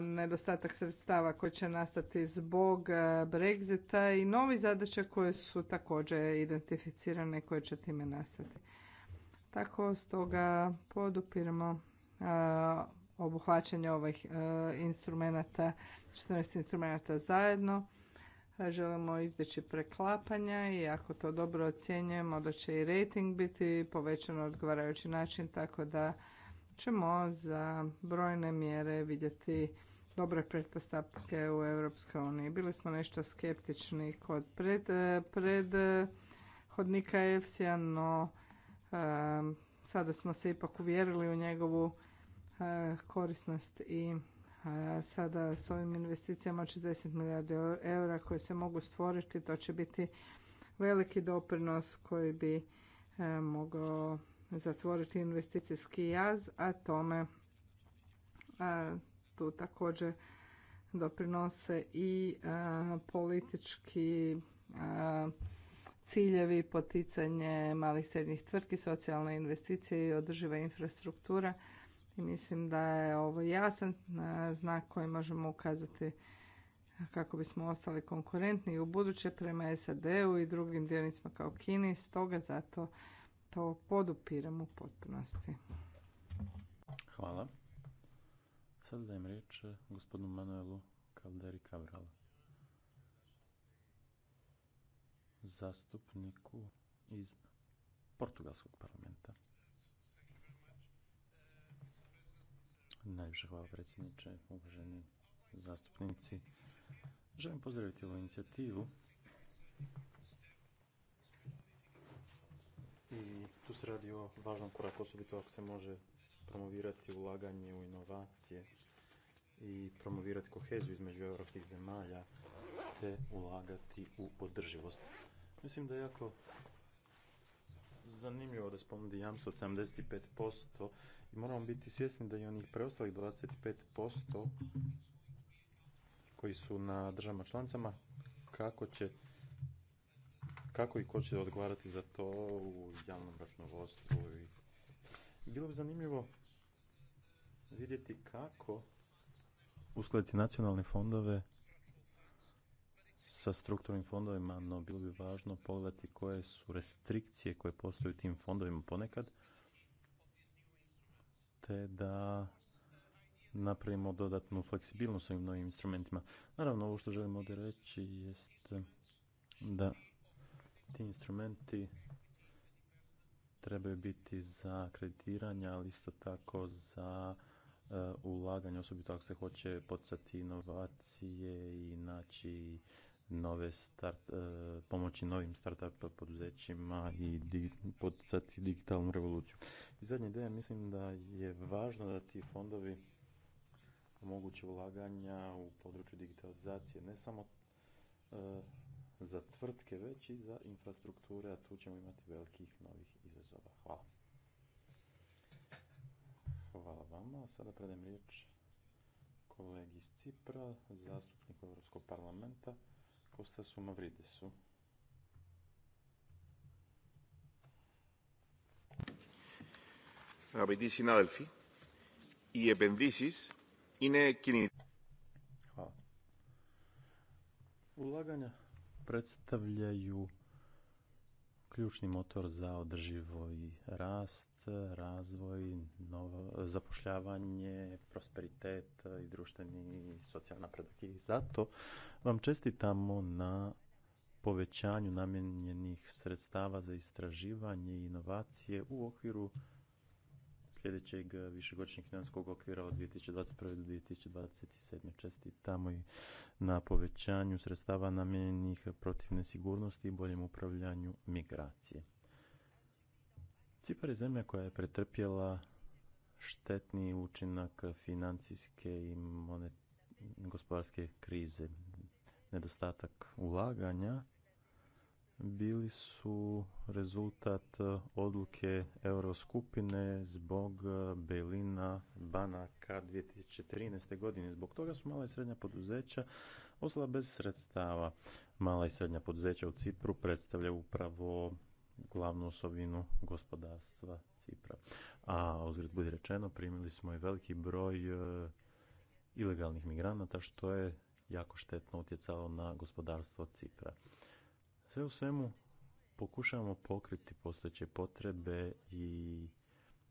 nedostatak sredstava koji će nastati zbog e, Brexita i novi zadaće koje su također identificirane koje će time nastati. Tako stoga podupiramo obuhvaćanje ovih e, instrumenata, 14 instrumenta zajedno. Želimo izbjeći preklapanja i ako to dobro ocjenjujemo da će i rating biti povećan odgovarajući način tako da ćemo za brojne mjere vidjeti dobre pretpostavke u Europskoj uniji. Bili smo nešto skeptični kod pred, e, pred EFSI-a, no e, sada smo se ipak uvjerili u njegovu E, korisnost i e, sada s ovim investicijama 60 milijardi eura koje se mogu stvoriti, to će biti veliki doprinos koji bi e, mogao zatvoriti investicijski jaz, a tome tu također doprinose i politički ciljevi, poticanje malih srednjih tvrtki, socijalne investicije i održiva infrastruktura i mislim da je ovo jasan e, znak koji možemo ukazati kako bismo ostali konkurentni i u buduće prema SAD-u i drugim dionicima kao Kini. Stoga zato to podupiram u potpunosti. Hvala. Sada dajem riječ e, gospodinu Manuelu calderi Cabral. Zastupniku iz Portugalskog parlamenta. Najviše hvala predsjedniče, uvaženi zastupnici. Želim pozdraviti ovu inicijativu. I tu se radi o važnom koraku, osobito ako se može promovirati ulaganje u inovacije i promovirati koheziju između evropskih zemalja te ulagati u održivost. Mislim da jako zanimljivo da spomenuti jamstvo od 75% i moramo biti svjesni da i onih preostalih 25% koji su na državama člancama kako će kako i ko će odgovarati za to u javnom računovodstvu. Bilo bi zanimljivo vidjeti kako uskladiti nacionalne fondove sa strukturnim fondovima, no bilo bi važno pogledati koje su restrikcije koje postoje u tim fondovima ponekad, te da napravimo dodatnu fleksibilnost ovim novim instrumentima. Naravno, ovo što želim ovdje reći jest da ti instrumenti trebaju biti za kreditiranje, ali isto tako za e, ulaganje, osobito ako se hoće poticati inovacije i naći nove start, e, pomoći novim startup poduzećima i digitalnom poticati digitalnu revoluciju. I zadnja mislim da je važno da ti fondovi omoguće ulaganja u području digitalizacije ne samo e, za tvrtke, već i za infrastrukture, a tu ćemo imati velikih novih izazova. Hvala. Hvala vama. Sada predajem riječ kolegi iz Cipra, zastupniku Europskog parlamenta. Kostasu Mavridesu. Αγαπητοί συνάδελφοι, οι επενδύσεις i ne Hvala. Ulaganja predstavljaju ključni motor za održivo i rast razvoj, novo, zapošljavanje, prosperitet i društveni socijalni napredak. I zato vam čestitamo na povećanju namijenjenih sredstava za istraživanje i inovacije u okviru sljedećeg višegodišnjeg finanskog okvira od 2021. do 2027. Čestitamo i na povećanju sredstava namijenjenih protiv nesigurnosti i boljem upravljanju migracije. Cipar je zemlja koja je pretrpjela štetni učinak financijske i monet... gospodarske krize. Nedostatak ulaganja bili su rezultat odluke Euroskupine zbog belina banaka 2013. godine. Zbog toga su mala i srednja poduzeća ostala bez sredstava. Mala i srednja poduzeća u Cipru predstavlja upravo glavnu osobinu gospodarstva Cipra. A uzgred budi rečeno, primili smo i veliki broj e, ilegalnih migranata što je jako štetno utjecalo na gospodarstvo Cipra. Sve u svemu pokušavamo pokriti postojeće potrebe i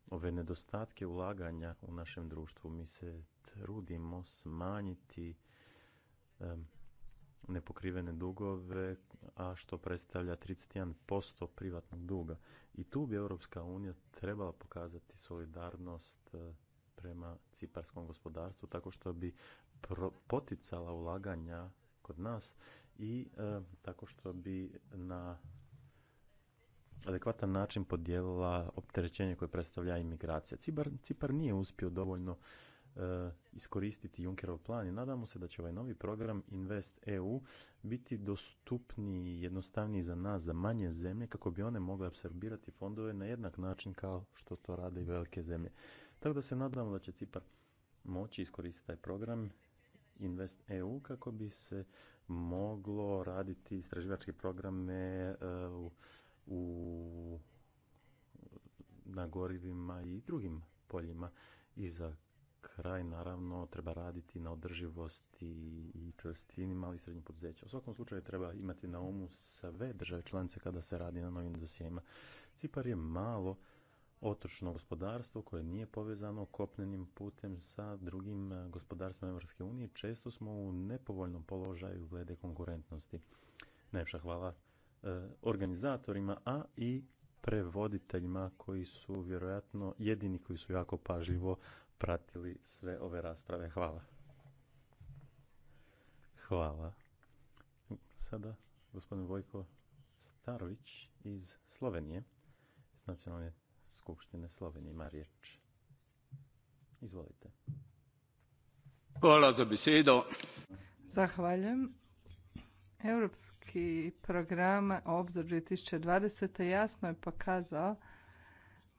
ove nedostatke ulaganja u našem društvu. Mi se trudimo smanjiti nepokrivene dugove a što predstavlja 31% privatnog duga. I tu bi Europska unija trebala pokazati solidarnost e, prema ciparskom gospodarstvu tako što bi poticala ulaganja kod nas i e, tako što bi na adekvatan način podijelila opterećenje koje predstavlja imigracija. Cipar, Cipar nije uspio dovoljno E, iskoristiti Junckerov plan i nadamo se da će ovaj novi program Invest EU biti dostupniji i jednostavniji za nas, za manje zemlje, kako bi one mogle apsorbirati fondove na jednak način kao što to rade i velike zemlje. Tako da se nadamo da će Cipar moći iskoristiti taj program Invest EU kako bi se moglo raditi istraživačke programe e, u, u na gorivima i drugim poljima. I za kraj naravno treba raditi na održivosti i čvrstinima malih i srednjih poduzeća. U svakom slučaju treba imati na umu sve države članice kada se radi na novim dosijema. Cipar je malo otočno gospodarstvo koje nije povezano kopnenim putem sa drugim gospodarstvom Europske unije. Često smo u nepovoljnom položaju glede konkurentnosti. Najpša hvala e, organizatorima, a i prevoditeljima koji su vjerojatno jedini koji su jako pažljivo pratili sve ove rasprave. Hvala. Hvala. Sada gospodin Vojko Starović iz Slovenije, iz Nacionalne skupštine Slovenije ima riječ. Izvolite. Hvala za besedo. Zahvaljujem. Europski program Obzor 2020. jasno je pokazao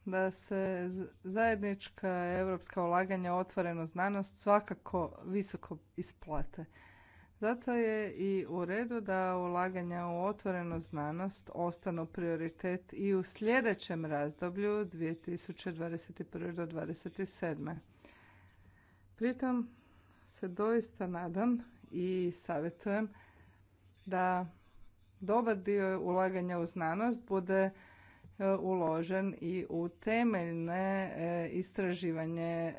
da se zajednička europska ulaganja otvorenu znanost svakako visoko isplate. Zato je i u redu da ulaganja u otvorenu znanost ostanu prioritet i u sljedećem razdoblju 2021. do 2027. Pritom se doista nadam i savjetujem da dobar dio ulaganja u znanost bude E, uložen i u temeljne e, istraživanje e,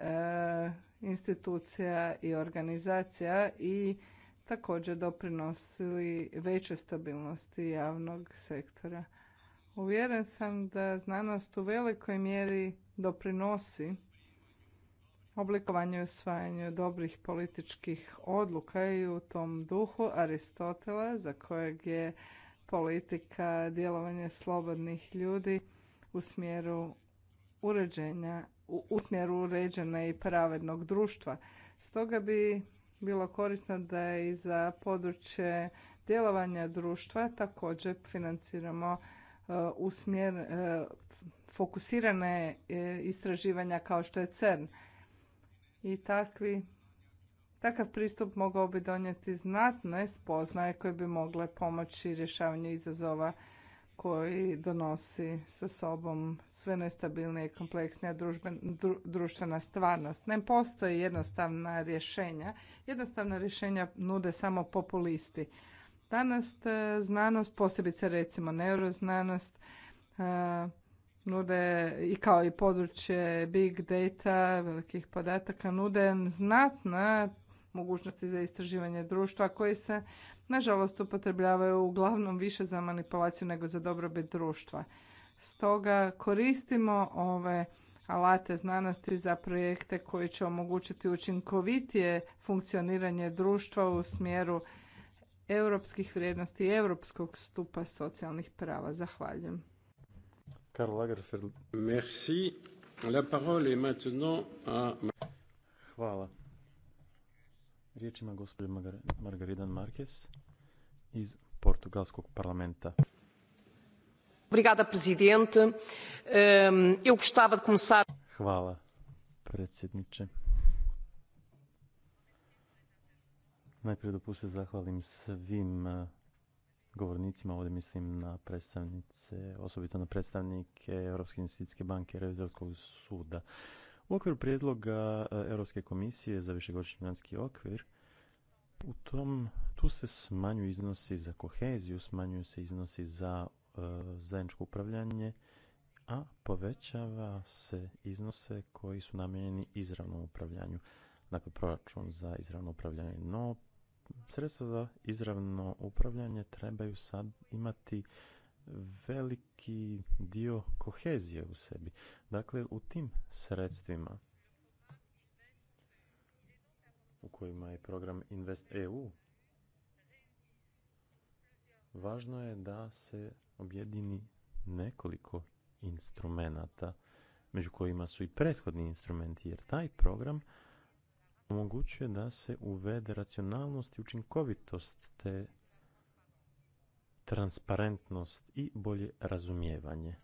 institucija i organizacija i također doprinosili veće stabilnosti javnog sektora. Uvjeren sam da znanost u velikoj mjeri doprinosi oblikovanju i usvajanju dobrih političkih odluka i u tom duhu Aristotela za kojeg je politika djelovanja slobodnih ljudi u smjeru uređenja, u, smjeru uređena i pravednog društva. Stoga bi bilo korisno da i za područje djelovanja društva također financiramo e, e, fokusirane e, istraživanja kao što je CERN. I takvi Takav pristup mogao bi donijeti znatne spoznaje koje bi mogle pomoći rješavanju izazova koji donosi sa sobom sve nestabilnije i kompleksnija društvena stvarnost. Ne postoji jednostavna rješenja. Jednostavna rješenja nude samo populisti. Danas e, znanost, posebice recimo neuroznanost, e, nude i kao i područje big data, velikih podataka, nude znatna mogućnosti za istraživanje društva koji se nažalost upotrebljavaju uglavnom više za manipulaciju nego za dobrobit društva. Stoga koristimo ove alate znanosti za projekte koji će omogućiti učinkovitije funkcioniranje društva u smjeru europskih vrijednosti i europskog stupa socijalnih prava. Zahvaljujem. Lagerfeld. Merci. La parole est maintenant à... Hvala. Riječ ima gospođa Margaridan Marques iz Portugalskog parlamenta. Obrigada, presidente. Ehm, eu gostava de começar... Hvala, predsjedniče. Najprije dopustite zahvalim svim eh, govornicima, ovdje mislim na predstavnice, osobito na predstavnike Europske investicijske banke i Revizorskog suda. U okviru prijedloga e, Europske komisije za višegodišnji financijski okvir, u tom, tu se smanjuju iznosi za koheziju, smanjuju se iznosi za e, zajedničko upravljanje, a povećava se iznose koji su namijenjeni izravnom upravljanju. Dakle, proračun za izravno upravljanje. No, sredstva za izravno upravljanje trebaju sad imati veliki dio kohezije u sebi. Dakle, u tim sredstvima u kojima je program Invest EU, važno je da se objedini nekoliko instrumenata, među kojima su i prethodni instrumenti, jer taj program omogućuje da se uvede racionalnost i učinkovitost te transparentnost i bolje razumijevanje.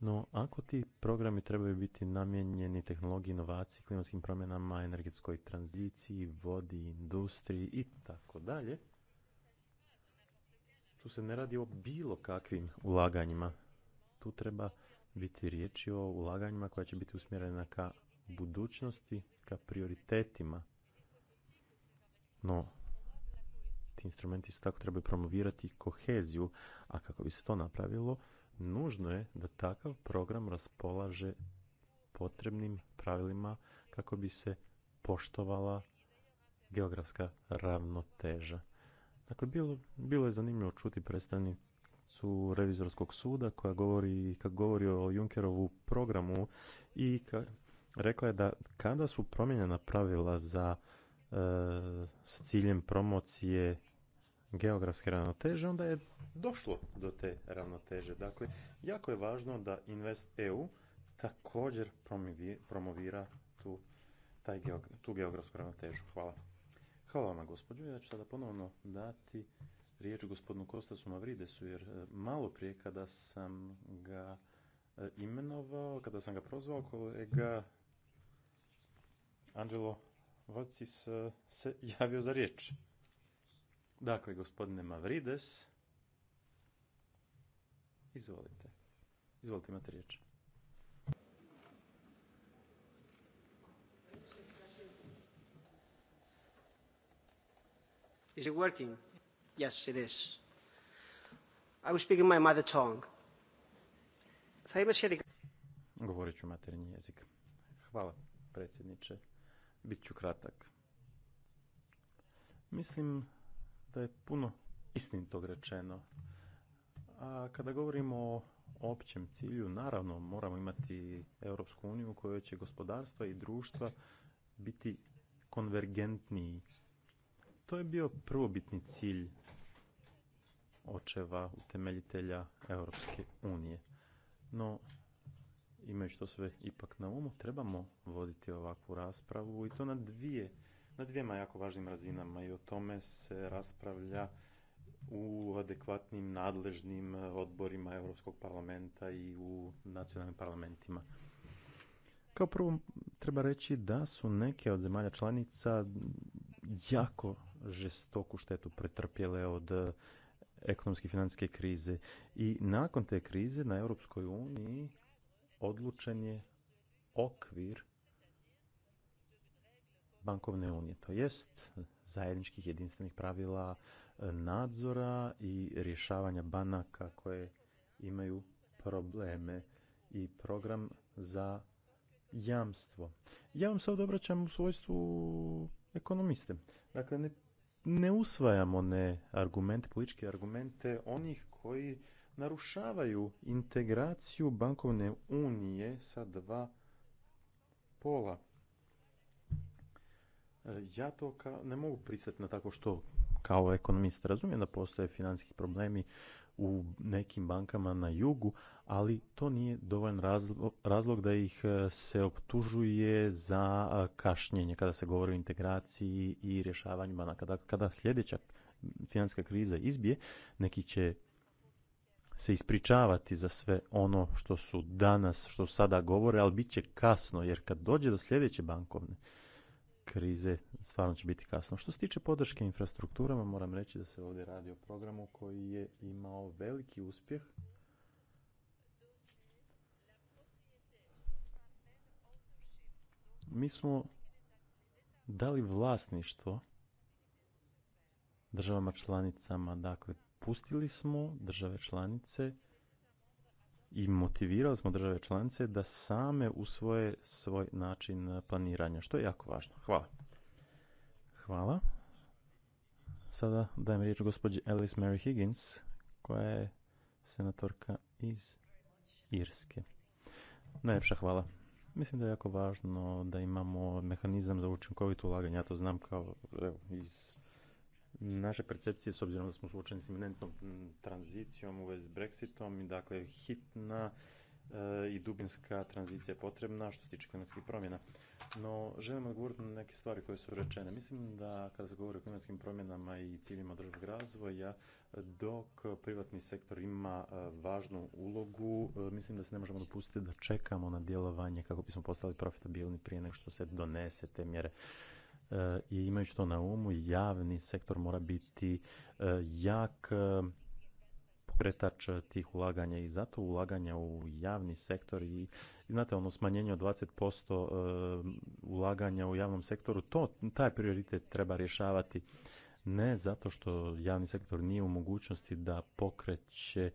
No, ako ti programi trebaju biti namijenjeni tehnologiji, inovaciji, klimatskim promjenama, energetskoj tranziciji, vodi, industriji i tako dalje, tu se ne radi o bilo kakvim ulaganjima. Tu treba biti riječi o ulaganjima koja će biti usmjerena ka budućnosti, ka prioritetima. No, instrumenti su tako trebaju promovirati koheziju, a kako bi se to napravilo, nužno je da takav program raspolaže potrebnim pravilima kako bi se poštovala geografska ravnoteža. Dakle, bilo, bilo je zanimljivo čuti predstavnicu revizorskog suda koja govori, govori o Junkerovu programu i rekla je da kada su promijenjena pravila za e, s ciljem promocije geografske ravnoteže, onda je došlo do te ravnoteže. Dakle, jako je važno da Invest EU također promovira tu, taj tu geografsku ravnotežu. Hvala. Hvala vam, gospođo. Ja ću sada ponovno dati riječ gospodinu Kostasu Mavridesu, jer e, malo prije kada sam ga e, imenovao, kada sam ga prozvao, kolega Angelo Vacis e, se javio za riječ. Dakle, gospodine Mavrides, izvolite. Izvolite, imate riječ. Is it working? Yes, it is. I speaking my mother tongue. Govorit ću materinji jezik. Hvala, predsjedniče. Bit ću kratak. Mislim je puno istinitog rečeno. A kada govorimo o općem cilju, naravno moramo imati Europsku uniju u kojoj će gospodarstva i društva biti konvergentniji. To je bio prvobitni cilj očeva utemeljitelja Europske unije. No, imajući to sve ipak na umu, trebamo voditi ovakvu raspravu i to na dvije na dvijema jako važnim razinama i o tome se raspravlja u adekvatnim nadležnim e, odborima Europskog parlamenta i u nacionalnim parlamentima. Kao prvo treba reći da su neke od zemalja članica jako žestoku štetu pretrpjele od e, ekonomske i financijske krize i nakon te krize na Europskoj uniji odlučen je okvir bankovne unije, to jest zajedničkih jedinstvenih pravila e, nadzora i rješavanja banaka koje imaju probleme i program za jamstvo. Ja vam se obraćam u svojstvu ekonomiste. Dakle, ne, ne usvajamo ne argumente, političke argumente onih koji narušavaju integraciju bankovne unije sa dva pola. Ja to ne mogu pristati na tako što kao ekonomist razumijem da postoje financijski problemi u nekim bankama na jugu, ali to nije dovoljan razlog, da ih e, se optužuje za kašnjenje kada se govori o integraciji i rješavanju banaka. Dakle, kada sljedeća financijska kriza izbije, neki će se ispričavati za sve ono što su danas, što sada govore, ali bit će kasno, jer kad dođe do sljedeće bankovne krize stvarno će biti kasno. Što se tiče podrške infrastrukturama, moram reći da se ovdje radi o programu koji je imao veliki uspjeh. Mi smo dali vlasništvo državama članicama, dakle pustili smo države članice i motivirali smo države članice da same usvoje svoj način planiranja, što je jako važno. Hvala. Hvala. Sada dajem riječ gospođi Alice Mary Higgins, koja je senatorka iz Irske. Najljepša hvala. Mislim da je jako važno da imamo mehanizam za učinkovito ulaganje. Ja to znam kao evo, iz naše percepcije, s obzirom da smo suočeni s iminentnom tranzicijom u vezi s Brexitom, i dakle hitna e, i dubinska tranzicija je potrebna što se tiče klimatskih promjena. No, želim odgovoriti na neke stvari koje su rečene. Mislim da kada se govori o klimatskim promjenama i ciljima održivog razvoja, dok privatni sektor ima e, važnu ulogu, e, mislim da se ne možemo dopustiti da čekamo na djelovanje kako bismo postali profitabilni prije nego što se donese te mjere i imajući to na umu, javni sektor mora biti e, jak e, pokretač tih ulaganja i zato ulaganja u javni sektor i znate ono smanjenje od 20% e, ulaganja u javnom sektoru, to, taj prioritet treba rješavati ne zato što javni sektor nije u mogućnosti da pokreće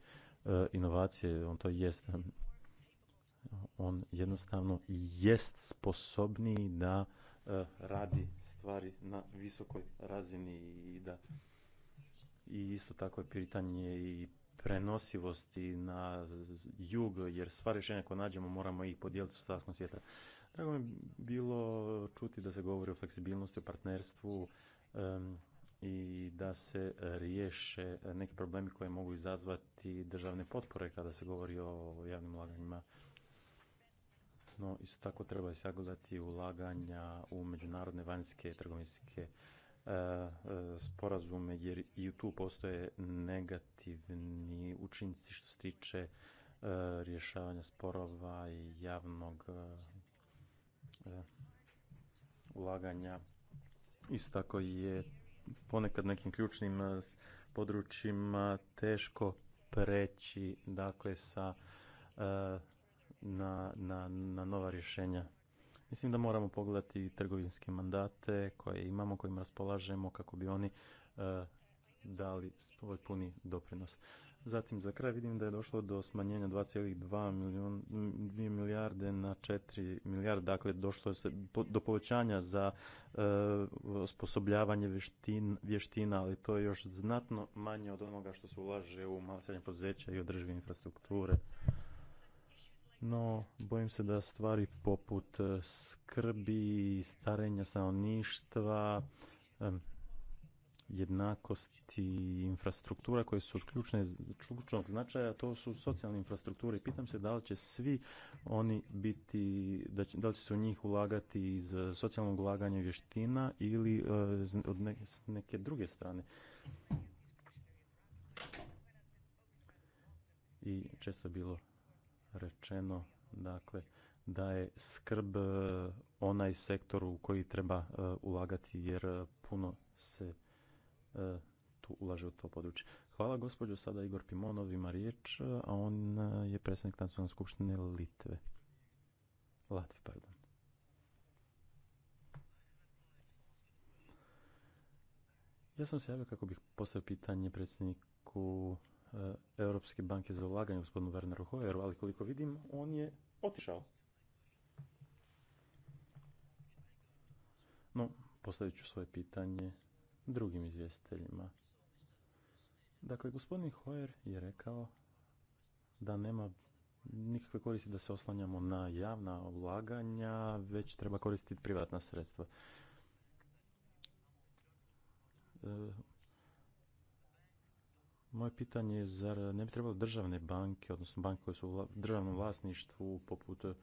inovacije, on to jest on jednostavno jest sposobniji da radi stvari na visokoj razini i da i isto tako je pitanje i prenosivosti na jug, jer sva rješenja koja nađemo moramo ih podijeliti sa ostatkom svijeta. Drago mi je bilo čuti da se govori o fleksibilnosti, o partnerstvu i da se riješe neki problemi koje mogu izazvati državne potpore kada se govori o javnim ulaganjima no isto tako treba sagledati ulaganja u međunarodne vanjske trgovinske e, e, sporazume jer i tu postoje negativni učinci što se tiče e, rješavanja sporova i javnog ulaganja. Isto tako je ponekad nekim ključnim područjima teško preći dakle sa na, na, na nova rješenja. Mislim da moramo pogledati trgovinske mandate koje imamo, kojima raspolažemo kako bi oni e, dali svoj puni doprinos. Zatim za kraj vidim da je došlo do smanjenja 2,2 2 milijarde na 4 milijarde, dakle došlo je do povećanja za e, osposobljavanje vještina, ali to je još znatno manje od onoga što se ulaže u malo srednje poduzeća i održive infrastrukture. No, bojim se da stvari poput e, skrbi, starenja stanovništva, e, jednakosti infrastruktura koje su od ključne, ključnog značaja, to su socijalne infrastrukture. pitam se da li će svi oni biti, da, će, da li će se u njih ulagati iz e, socijalnog ulaganja vještina ili od neke druge strane. I često je bilo rečeno dakle, da je skrb e, onaj sektor u koji treba e, ulagati jer e, puno se tu ulaže u to područje. Hvala gospođo, sada Igor Pimonov ima riječ, a on je predsjednik Nacionalne skupštine Litve. Latvi, pardon. Ja sam se javio kako bih postavio pitanje predsjedniku E, Europske banke za ulaganje gospodinu Werneru Hoeru, ali koliko vidim, on je otišao. No, postavit ću svoje pitanje drugim izvjestiteljima. Dakle, gospodin Hoyer je rekao da nema nikakve koristi da se oslanjamo na javna ulaganja, već treba koristiti privatna sredstva. E, moje pitanje je zar ne bi trebalo državne banke, odnosno banke koje su u državnom vlasništvu poput e,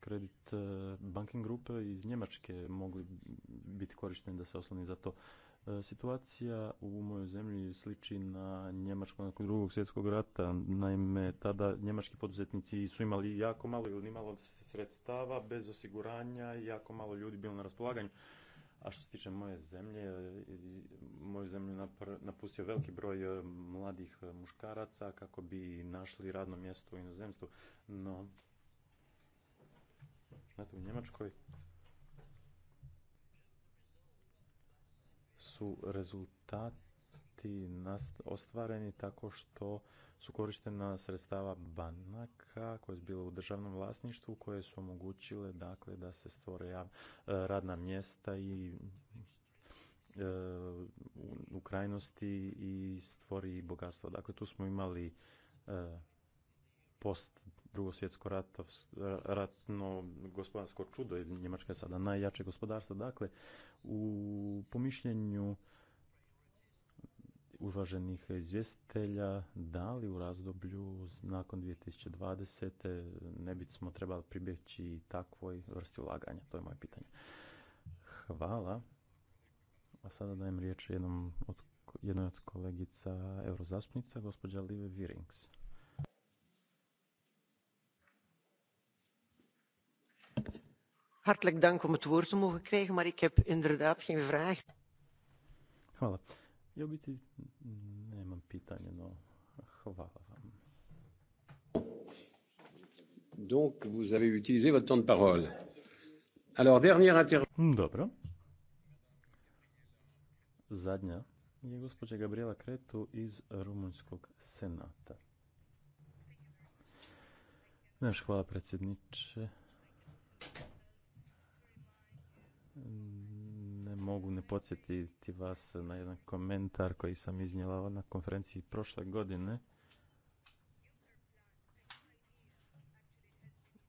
kredit e, banking grupe iz Njemačke mogli biti korišteni da se osloni za to. E, situacija u mojoj zemlji sliči na Njemačku nakon drugog svjetskog rata. Naime, tada njemački poduzetnici su imali jako malo ili nimalo sredstava bez osiguranja i jako malo ljudi bilo na raspolaganju. A što se tiče moje zemlje, e, moju zemlju napustio veliki broj e, mladih e, muškaraca kako bi našli radno mjesto u inozemstvu. No, znate, u Njemačkoj su rezultati ostvareni tako što su korištena sredstava banak koje su bile u državnom vlasništvu koje su omogućile dakle da se stvore e, radna mjesta i e, u krajnosti i stvori bogatstvo. Dakle, tu smo imali e, post drugo svjetsko ratno gospodarsko čudo, Njemačke Njemačka sada najjače gospodarstvo. Dakle, u pomišljenju uvaženih izvjestitelja da li u razdoblju nakon 2020. ne bismo trebali pribjeći takvoj vrsti ulaganja? To je moje pitanje. Hvala. A sada dajem riječ jednom od, jednoj od kolegica eurozastupnica, gospođa Live Virings. Hartelijk dank om het woord te mogen krijgen, maar ik heb inderdaad geen vraag. Hvala. Ja bi biti nemam pitanja, no hvala vam. Donc, vous avez utilisé votre temps de parole. Alors, dernière intervention. Dobro. Zadnja je gospođa Gabriela Kretu iz Rumunjskog senata. Naš hvala predsjedniče mogu ne podsjetiti vas na jedan komentar koji sam iznijela na konferenciji prošle godine.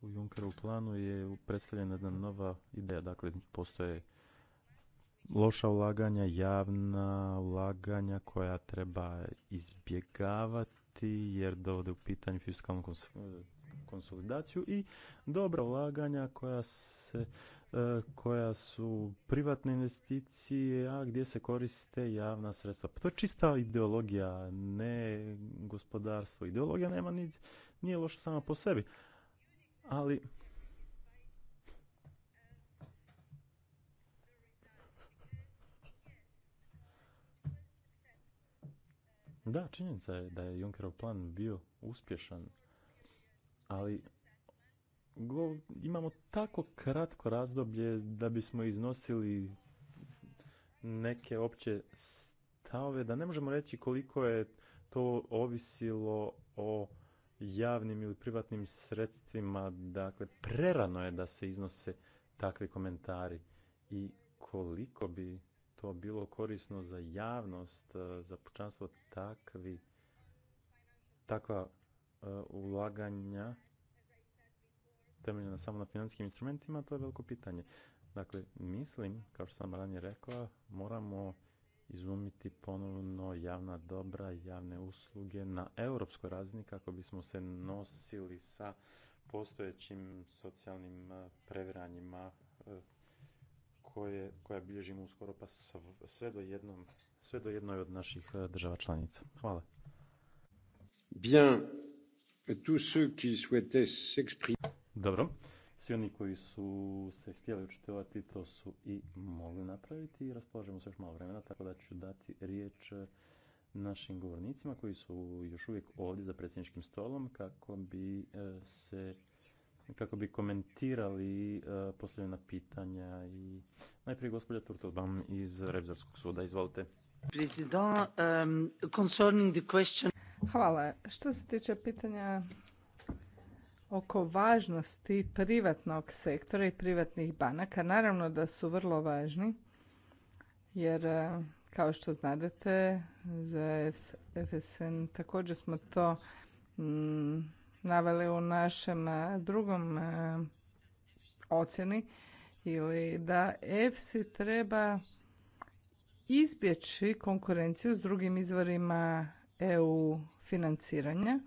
U Junkeru planu je predstavljena jedna nova ideja, dakle postoje loša ulaganja, javna ulaganja koja treba izbjegavati jer dovode u pitanje fiskalnu konsolidaciju i dobra ulaganja koja se E, koja su privatne investicije, a gdje se koriste javna sredstva. Pa to je čista ideologija, ne gospodarstvo. Ideologija nema ni, nije loša sama po sebi. Ali Da, činjenica je da je Junckerov plan bio uspješan, ali imamo tako kratko razdoblje da bismo iznosili neke opće stavove, da ne možemo reći koliko je to ovisilo o javnim ili privatnim sredstvima. Dakle, prerano je da se iznose takvi komentari i koliko bi to bilo korisno za javnost, e, za pučanstvo takvi, takva e, ulaganja temeljena samo na financijskim instrumentima, to je veliko pitanje. Dakle, mislim, kao što sam ranije rekla, moramo izumiti ponovno javna dobra, javne usluge na europskoj razini kako bismo se nosili sa postojećim socijalnim eh, previranjima eh, koje, koja bilježimo uskoro pa sve do, jednom, sve do jednoj od naših eh, država članica. Hvala. Bien, tous ceux qui souhaitaient s'exprimer. Dobro. Svi oni koji su se htjeli učitovati to su i mogli napraviti i raspolažemo se još malo vremena, tako da ću dati riječ e, našim govornicima koji su još uvijek ovdje za predsjedničkim stolom kako bi e, se kako bi komentirali e, postavljena pitanja i najprije gospođa Turtelbaum iz Revizorskog suda. Izvolite. Um, Hvala. Što se tiče pitanja oko važnosti privatnog sektora i privatnih banaka. Naravno da su vrlo važni jer e, kao što znadete za FSN također smo to mm, naveli u našem e, drugom e, ocjeni ili da EFSI treba izbjeći konkurenciju s drugim izvorima EU financiranja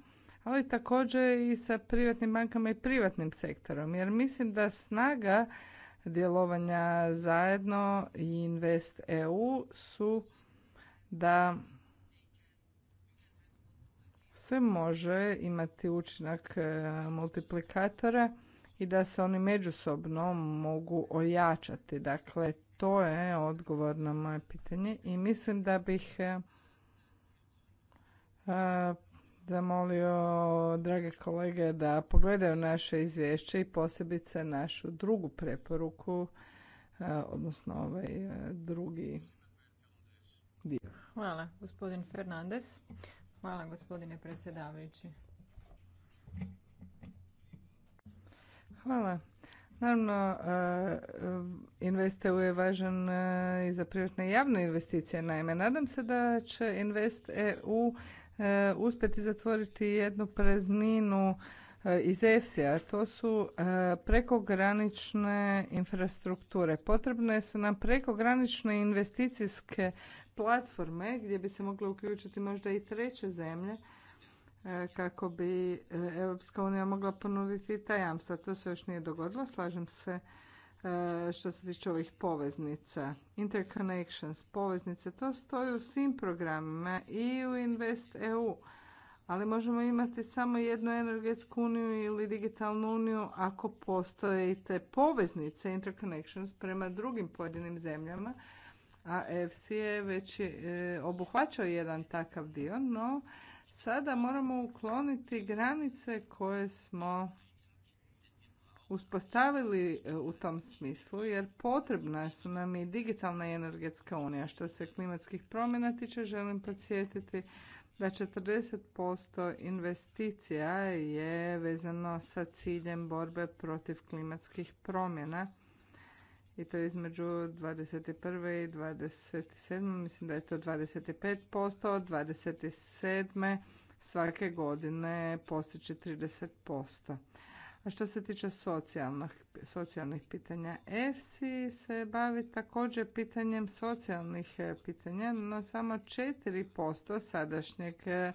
ali također i sa privatnim bankama i privatnim sektorom. Jer mislim da snaga djelovanja zajedno i Invest EU su da se može imati učinak e, multiplikatora i da se oni međusobno mogu ojačati. Dakle, to je odgovor na moje pitanje i mislim da bih e, e, zamolio drage kolege da pogledaju naše izvješće i posebice našu drugu preporuku, e, odnosno ovaj e, drugi dio. Hvala, gospodin Fernandez. Hvala, gospodine predsjedavajući. Hvala. Naravno, e, InvestEU je važan i za privatne i javne investicije. Naime, nadam se da će InvestEU E, uspjeti zatvoriti jednu prezninu e, iz EFSI-a, to su e, prekogranične infrastrukture. Potrebne su nam prekogranične investicijske platforme gdje bi se mogle uključiti možda i treće zemlje kako bi Europska unija mogla ponuditi ta jamstva. To se još nije dogodilo, slažem se E, što se tiče ovih poveznica, interconnections, poveznice, to stoji u svim programima i u Invest EU. Ali možemo imati samo jednu energetsku uniju ili digitalnu uniju ako postoje i te poveznice, interconnections, prema drugim pojedinim zemljama. A EFC je već e, obuhvaćao jedan takav dio, no sada moramo ukloniti granice koje smo uspostavili e, u tom smislu jer potrebna su nam i digitalna i energetska unija. Što se klimatskih promjena tiče, želim podsjetiti da 40% investicija je vezano sa ciljem borbe protiv klimatskih promjena i to između 21. i 27. mislim da je to 25%, od 27. svake godine postići 30%. A što se tiče socijalnih, pitanja, EFSI se bavi također pitanjem socijalnih e, pitanja, no samo 4% sadašnjeg e,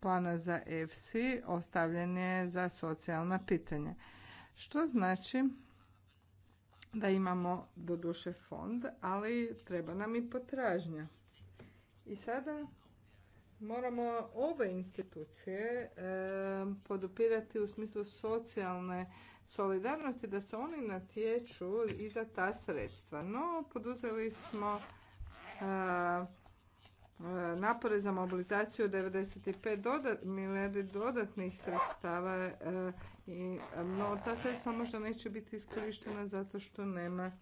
plana za EFSI ostavljen je za socijalna pitanja. Što znači da imamo doduše fond, ali treba nam i potražnja. I sada moramo ove institucije e, podupirati u smislu socijalne solidarnosti da se oni natječu i za ta sredstva. No, poduzeli smo e, napore za mobilizaciju 95 dodat, milijardi dodatnih sredstava e, i no, ta sredstva možda neće biti iskorištena zato što nema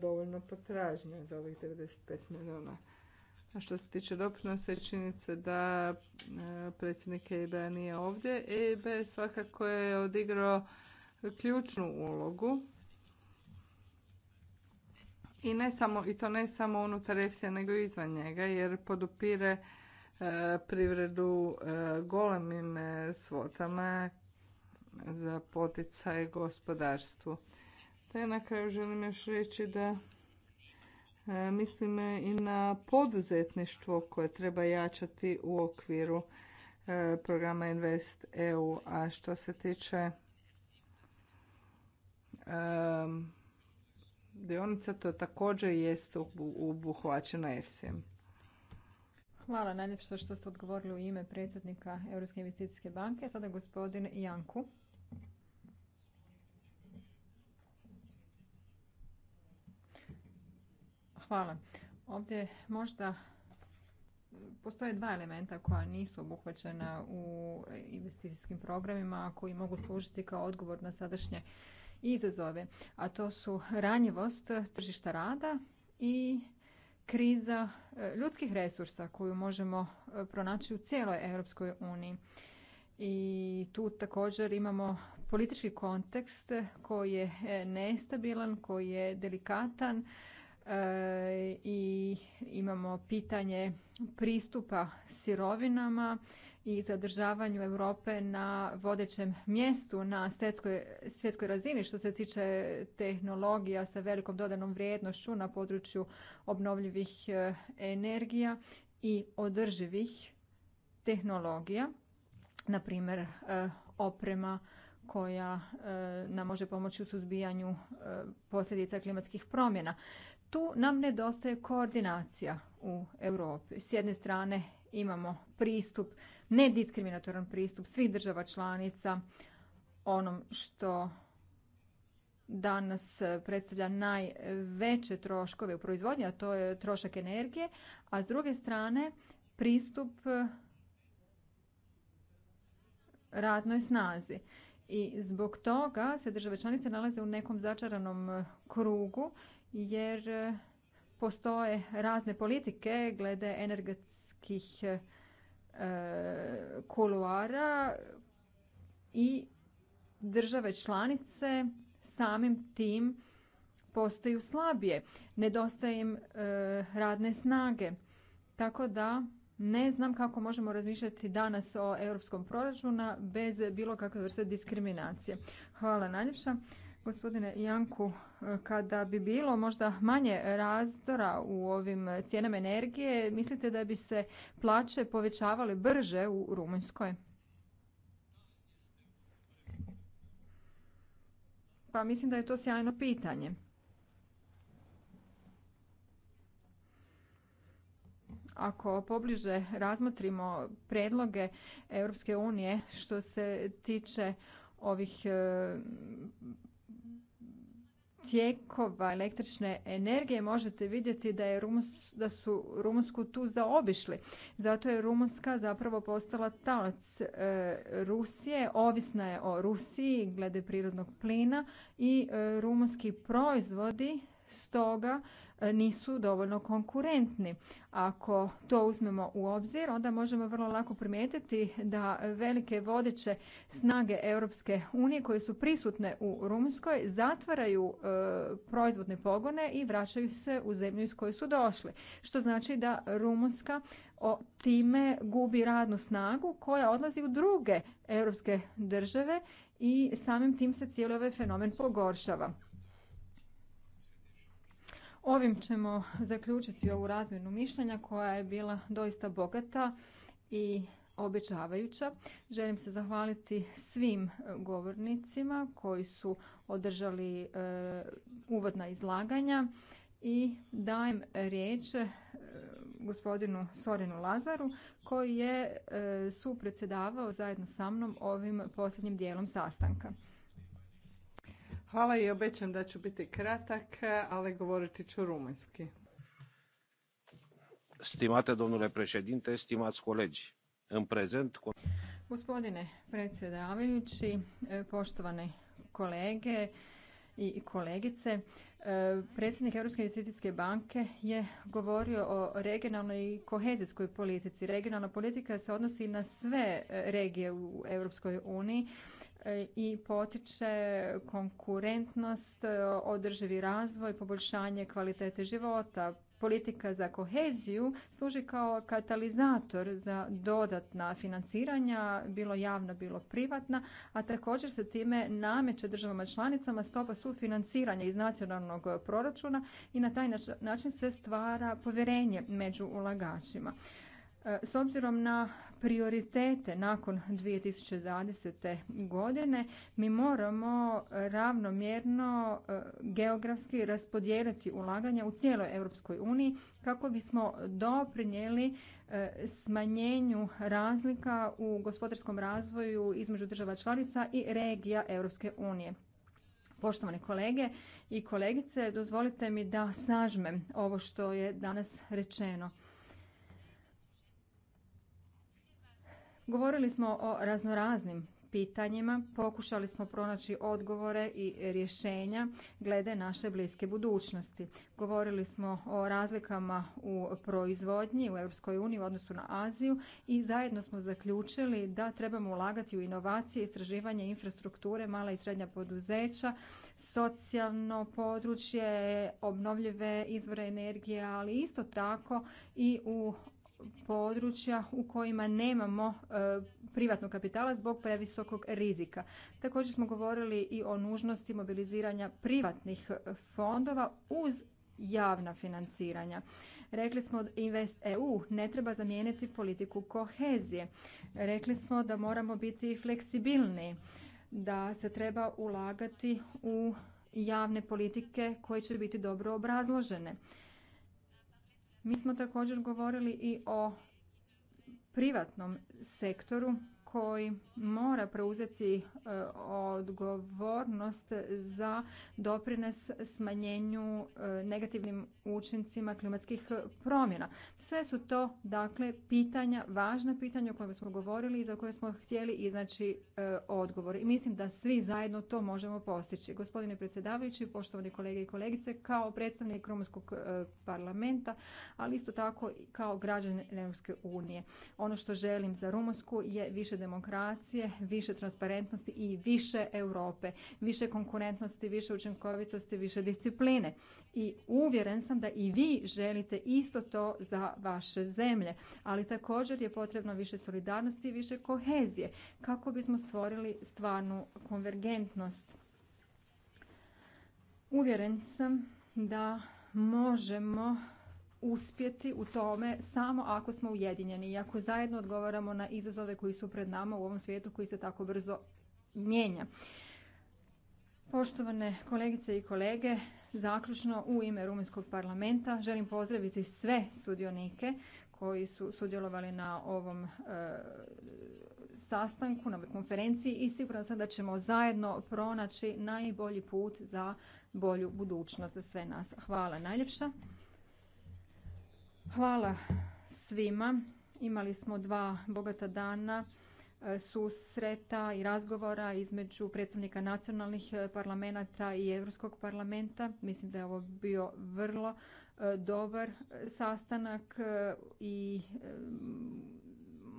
dovoljno potražnje za ovih 95 milijuna a što se tiče doprinosa činjenica da e, predsjednik eib nije ovdje. EIB svakako je odigrao ključnu ulogu i ne samo i to ne samo unutar efsi nego i izvan njega jer podupire e, privredu e, golemim svotama za poticaj gospodarstvu. Te na kraju želim još reći da E, mislim e, i na poduzetništvo koje treba jačati u okviru e, programa Invest EU. A što se tiče dionica, to također jest obuhvaćeno EFSI-em. Hvala najljepše što ste odgovorili u ime predsjednika Europske investicijske banke. Sada gospodin Janku. Hvala. Ovdje možda postoje dva elementa koja nisu obuhvaćena u investicijskim programima, koji mogu služiti kao odgovor na sadašnje izazove, a to su ranjivost tržišta rada i kriza e, ljudskih resursa koju možemo e, pronaći u cijeloj Europskoj uniji. I tu također imamo politički kontekst koji je e, nestabilan, koji je delikatan, E, i imamo pitanje pristupa sirovinama i zadržavanju Europe na vodećem mjestu na svjetskoj, svjetskoj razini što se tiče tehnologija sa velikom dodanom vrijednošću na području obnovljivih e, energija i održivih tehnologija, na primjer e, oprema koja nam može pomoći u suzbijanju posljedica klimatskih promjena. Tu nam nedostaje koordinacija u Europi. S jedne strane imamo pristup, nediskriminatoran pristup svih država članica onom što danas predstavlja najveće troškove u proizvodnji, a to je trošak energije, a s druge strane pristup radnoj snazi. I zbog toga se države članice nalaze u nekom začaranom krugu jer e, postoje razne politike glede energetskih e, kuluara i države članice samim tim postaju slabije. Nedostaje im e, radne snage. Tako da ne znam kako možemo razmišljati danas o europskom proračunu bez bilo kakve vrste diskriminacije. Hvala najljepša. Gospodine Janku kada bi bilo možda manje razdora u ovim cijenama energije, mislite da bi se plaće povećavale brže u Rumunjskoj? Pa mislim da je to sjajno pitanje. Ako pobliže razmotrimo predloge Europske unije što se tiče ovih tijekova električne energije možete vidjeti da, je da su Rumunsku tu zaobišli. Zato je Rumunska zapravo postala talac e, Rusije, ovisna je o Rusiji glede prirodnog plina i e, rumunski proizvodi stoga e, nisu dovoljno konkurentni. Ako to uzmemo u obzir, onda možemo vrlo lako primijetiti da velike vodeće snage Europske unije koje su prisutne u Rumunjskoj zatvaraju e, proizvodne pogone i vraćaju se u zemlju iz koje su došli. Što znači da Rumunjska time gubi radnu snagu koja odlazi u druge europske države i samim tim se cijeli ovaj fenomen pogoršava. Ovim ćemo zaključiti ovu razmjenu mišljenja koja je bila doista bogata i obećavajuća. Želim se zahvaliti svim e, govornicima koji su održali e, uvodna izlaganja i dajem riječ e, gospodinu Sorinu Lazaru koji je supredsjedavao zajedno sa mnom ovim posljednjim dijelom sastanka. Hvala i obećam da ću biti kratak, ali govoriti ću rumunjski. Stimate domnule președinte, stimați colegi, în prezent... Gospodine predsjedavajući, e, poštovane kolege i kolegice, e, predsjednik Europske investicijske banke je govorio o regionalnoj i kohezijskoj politici. Regionalna politika se odnosi na sve regije u Europskoj uniji i potiče konkurentnost, održivi razvoj, poboljšanje kvalitete života. Politika za koheziju služi kao katalizator za dodatna financiranja, bilo javna, bilo privatna, a također se time nameće državama članicama stopa sufinanciranja iz nacionalnog proračuna i na taj način se stvara povjerenje među ulagačima. E, s obzirom na prioritete nakon 2020. godine mi moramo ravnomjerno e, geografski raspodijeliti ulaganja u cijeloj Europskoj uniji kako bismo doprinijeli e, smanjenju razlika u gospodarskom razvoju između država članica i regija Europske unije. Poštovane kolege i kolegice, dozvolite mi da sažmem ovo što je danas rečeno. Govorili smo o raznoraznim pitanjima, pokušali smo pronaći odgovore i rješenja glede naše bliske budućnosti. Govorili smo o razlikama u proizvodnji u Europskoj uniji u odnosu na Aziju i zajedno smo zaključili da trebamo ulagati u inovacije, istraživanje infrastrukture, mala i srednja poduzeća, socijalno područje, obnovljive izvore energije, ali isto tako i u područja u kojima nemamo e, privatnog kapitala zbog previsokog rizika. Također smo govorili i o nužnosti mobiliziranja privatnih fondova uz javna financiranja. Rekli smo Invest EU ne treba zamijeniti politiku kohezije. Rekli smo da moramo biti fleksibilni, da se treba ulagati u javne politike koje će biti dobro obrazložene. Mi smo također govorili i o privatnom sektoru koji mora preuzeti e, odgovornost za doprines smanjenju e, negativnim učincima klimatskih promjena. Sve su to dakle pitanja, važna pitanja o kojima smo govorili i za koje smo htjeli iznaći e, odgovor. I mislim da svi zajedno to možemo postići. Gospodine predsjedavajući, poštovani kolege i kolegice, kao predstavnik Rumunskog parlamenta, ali isto tako kao građan Europske unije. Ono što želim za Rumunsku je više demokracije, više transparentnosti i više Europe, više konkurentnosti, više učinkovitosti, više discipline. I uvjeren sam da i vi želite isto to za vaše zemlje, ali također je potrebno više solidarnosti i više kohezije kako bismo stvorili stvarnu konvergentnost. Uvjeren sam da možemo uspjeti u tome samo ako smo ujedinjeni i ako zajedno odgovaramo na izazove koji su pred nama u ovom svijetu koji se tako brzo mijenja. Poštovane kolegice i kolege, zaključno u ime Rumunjskog parlamenta želim pozdraviti sve sudionike koji su sudjelovali na ovom e, sastanku, na ovoj konferenciji i siguran sam da ćemo zajedno pronaći najbolji put za bolju budućnost za sve nas. Hvala najljepša. Hvala svima. Imali smo dva bogata dana e, susreta i razgovora između predstavnika nacionalnih e, parlamenta i Europskog parlamenta. Mislim da je ovo bio vrlo e, dobar sastanak i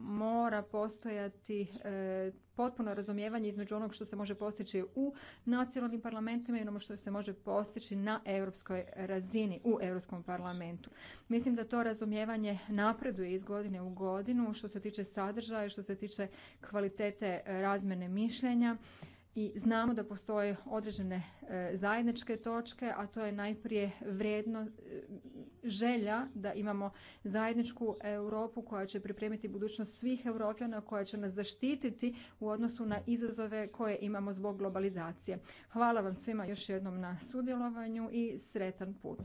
mora postojati e, potpuno razumijevanje između onog što se može postići u nacionalnim parlamentima i onog što se može postići na europskoj razini u Europskom parlamentu. Mislim da to razumijevanje napreduje iz godine u godinu što se tiče sadržaja, što se tiče kvalitete razmene mišljenja i znamo da postoje određene e, zajedničke točke, a to je najprije vrijedno e, želja da imamo zajedničku Europu koja će pripremiti budućnost svih Europljana, koja će nas zaštititi u odnosu na izazove koje imamo zbog globalizacije. Hvala vam svima još jednom na sudjelovanju i sretan put.